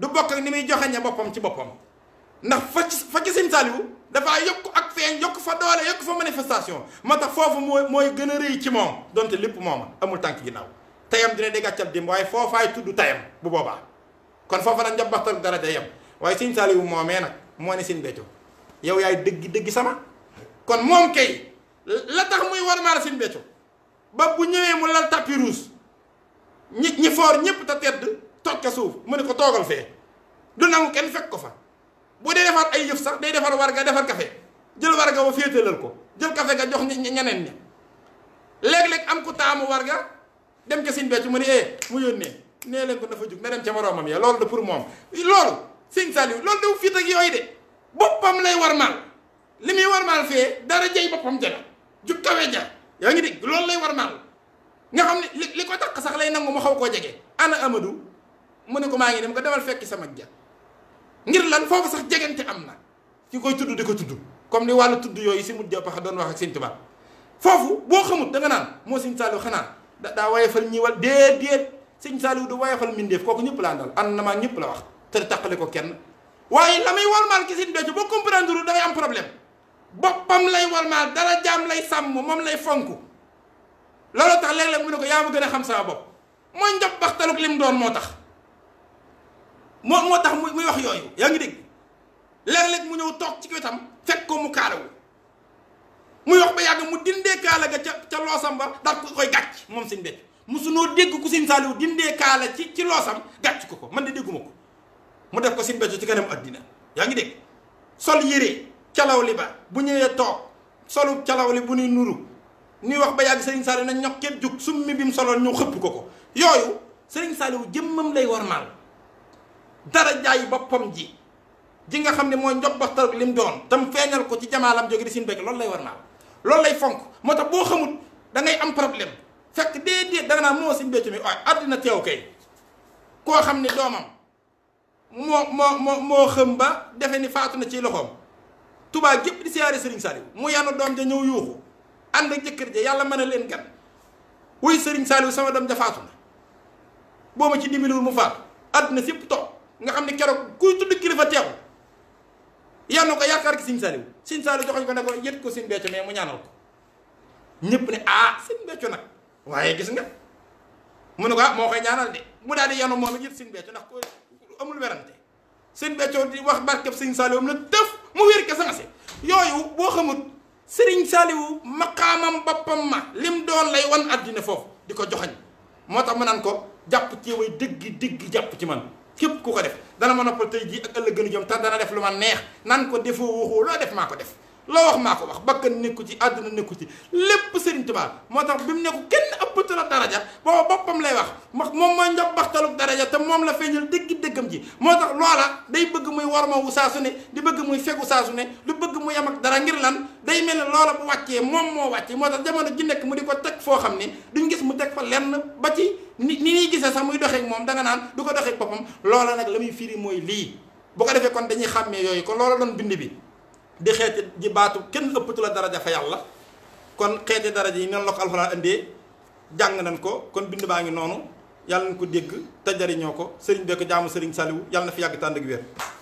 [SPEAKER 1] du bokk ak ni muy joxeñe boppam ci boppam ndax fa ci fa ci sëñ Saliou dafaa yokk ak feeñ yokk fa doole yokk fa manifestation moo tax foofu mooy mooy gën a rëy ci moom donte lépp moom amul tànk ginnaaw tayam dina di gàccal dimb waaye foofaay tudd tayam bu boobaa kon foofu foofa la njabootal dara day yem waaye sëñ Saliou moomee nag moo ne sëñ Béthio yow yaay dëgg dëgg sama kon moom kay la tax muy war maal sëñ Béthio ba bu ñëwee mu lal tapis rouge ñi ñi foor ñëpp te tedd toog ca suuf mu ne ko toogal fee du nangu kenn fekk ko fa bu dee defar ay yëf sax day defar ga defar kafe jël war warga ba féetalal ko jël kafe ga jox ñeneen ña léeg-léeg am ku taamu warga dem ca sin becc mu ne eh mu yónnee nee leen ko dafa jug na dem ca moroomam ya loolu de pour moom loolu sëñ Saliou loolu daw fiit ak yooyu de boppam lay warmaal li muy war warmaal fee dara jëy boppam jana jug kawe ja yaa ngi dégg loolu lay war warmaal nga xam ne li ko tax sax lay nangu mu xaw koo jege ana Amadou mune ko maangi dem ko demal fekki sama ja ngir lan fofu sax jegante amna ki koy tuddu diko ko comme ni walu tuddu yoy si mujj paxa doon wax ak seigne touba fofu bo xamut da nga nan mo seigne Saaliw xana da daa wayefal ñi wal de seigne Saaliw du wayefal mbindeef koku ñepp la dal an na maa ñëpp la wax te takale ko kenn waye lamay wal mal ki seigne Béthio bo comprendre da am problème bopam lay mal dara jam lay sam mom lay fonku lolo tax leg leg mu ne ko yaa ma xam sa bop baxtaluk lim doon motax moo moo tax muy muy wax yooyu yaa ngi dégg léeg-léeg mu ñëw toog ci wetam fekk ko mu kaalawu muy wax ba yàgg mu dindee kaala ga ca ca loosam ba daal ko koy gàcc moom sëñ beccu musunoo dégg ku sëñ Saaliw dindee kaala ci ci loosam gàcc ko ko man de dégguma ko mu def ko sëñ beccu ci kanam addina yaa ngi dégg sol yére calaw li ba bu ñëwee toog solu calaw li bu nuy nuru nuy wax ba yàgg sëriñ nañ na ñokkee jug summi bi mu soloon ñëw xëpp ko ko yooyu sëriñ wu jëmmam lay war maal dara jaay boppam ji ji nga xam ne mooy njobbaxtal lim doon tam feenal ko ci jamaalam jóge di sin bëgg loolu lay war naa loolu lay fonk moo tax boo xamul da ngay am problème fekk déedéet da nga naan moo sin beccu mi waaye àddina teew kay koo xam ne doomam moo moo moo xëm ba defe ni faatu na ci loxoom tubaa gépp di siyaare Serigne Saliou mu yanu doom ja ñëw yuuxu ànd ak jëkkër ja yàlla mën a leen gan wuy Serigne Saliou sama doom ja faatu na boo ci dimbiliwul mu faatu àddina sépp nga xam ne keroog kuy tudd kilifa teew yal na ko yaakaar ki Sëñ Saaliw Sëñ Saaliw joxoñ ko ne ko yët ko Sëñ Béthio mais mu ñaanal ko ñëpp ne ah Sëñ Béthio nag waaye gis nga mu ne ko ah, moo koy ñaanal de mu daal di yanu moom it yët Sëñ Béthio amul werante Sëñ Béthio di wax barkeb Sëñ Saaliw am na tëf mu wér ge sanse yooyu boo xamut Sëriñ Saaliw maqaamam boppam ma lim doon lay wan àddina foofu di ko joxañ moo tax mu naan ko jàpp ci way dëgg dëgg jàpp ci man képp ku ko def dana ma noppal tey jii ak ëllëg gën a jëm te dana def lu ma neex nan ko defoo waxoo loo def maa ko def loo wax maa ko wax bakkan nekku ci àdduna nekku ci lépp Sëriñ Tuubaa moo tax bi mu nekku kenn ëppatu la daraja booba boppam lay wax wax moom mooy njox baxtaluk daraja te moom la feeñal dëgg dëggam ji moo tax loola day bëgg muy warma wu saasu ne di bëgg muy fegu saasu ne du bëgg mu yem dara ngir lan day mel ne loola bu wàccee moom moo wàcce moo tax jamono ji nekk mu di ko teg foo xam ne duñ gis mu teg fa lenn ba ci ni ni ñuy gisee sax muy doxeek moom danga naan du ko doxeek boppam loola nag la muy firi mooy lii bu ko defee kon dañuy xàmmee yooyu kon loola doon bind bi di xeeti ji baatu kenn ëppatu la daraja fa kon xeeti daraja yi nan la ko alxuraan indee ko kon bind baa nonu, noonu yàlla ko dégg te jariñoo ko sëriñ bee ko jaamu sëriñ Saliou na fi yàgg tànd wér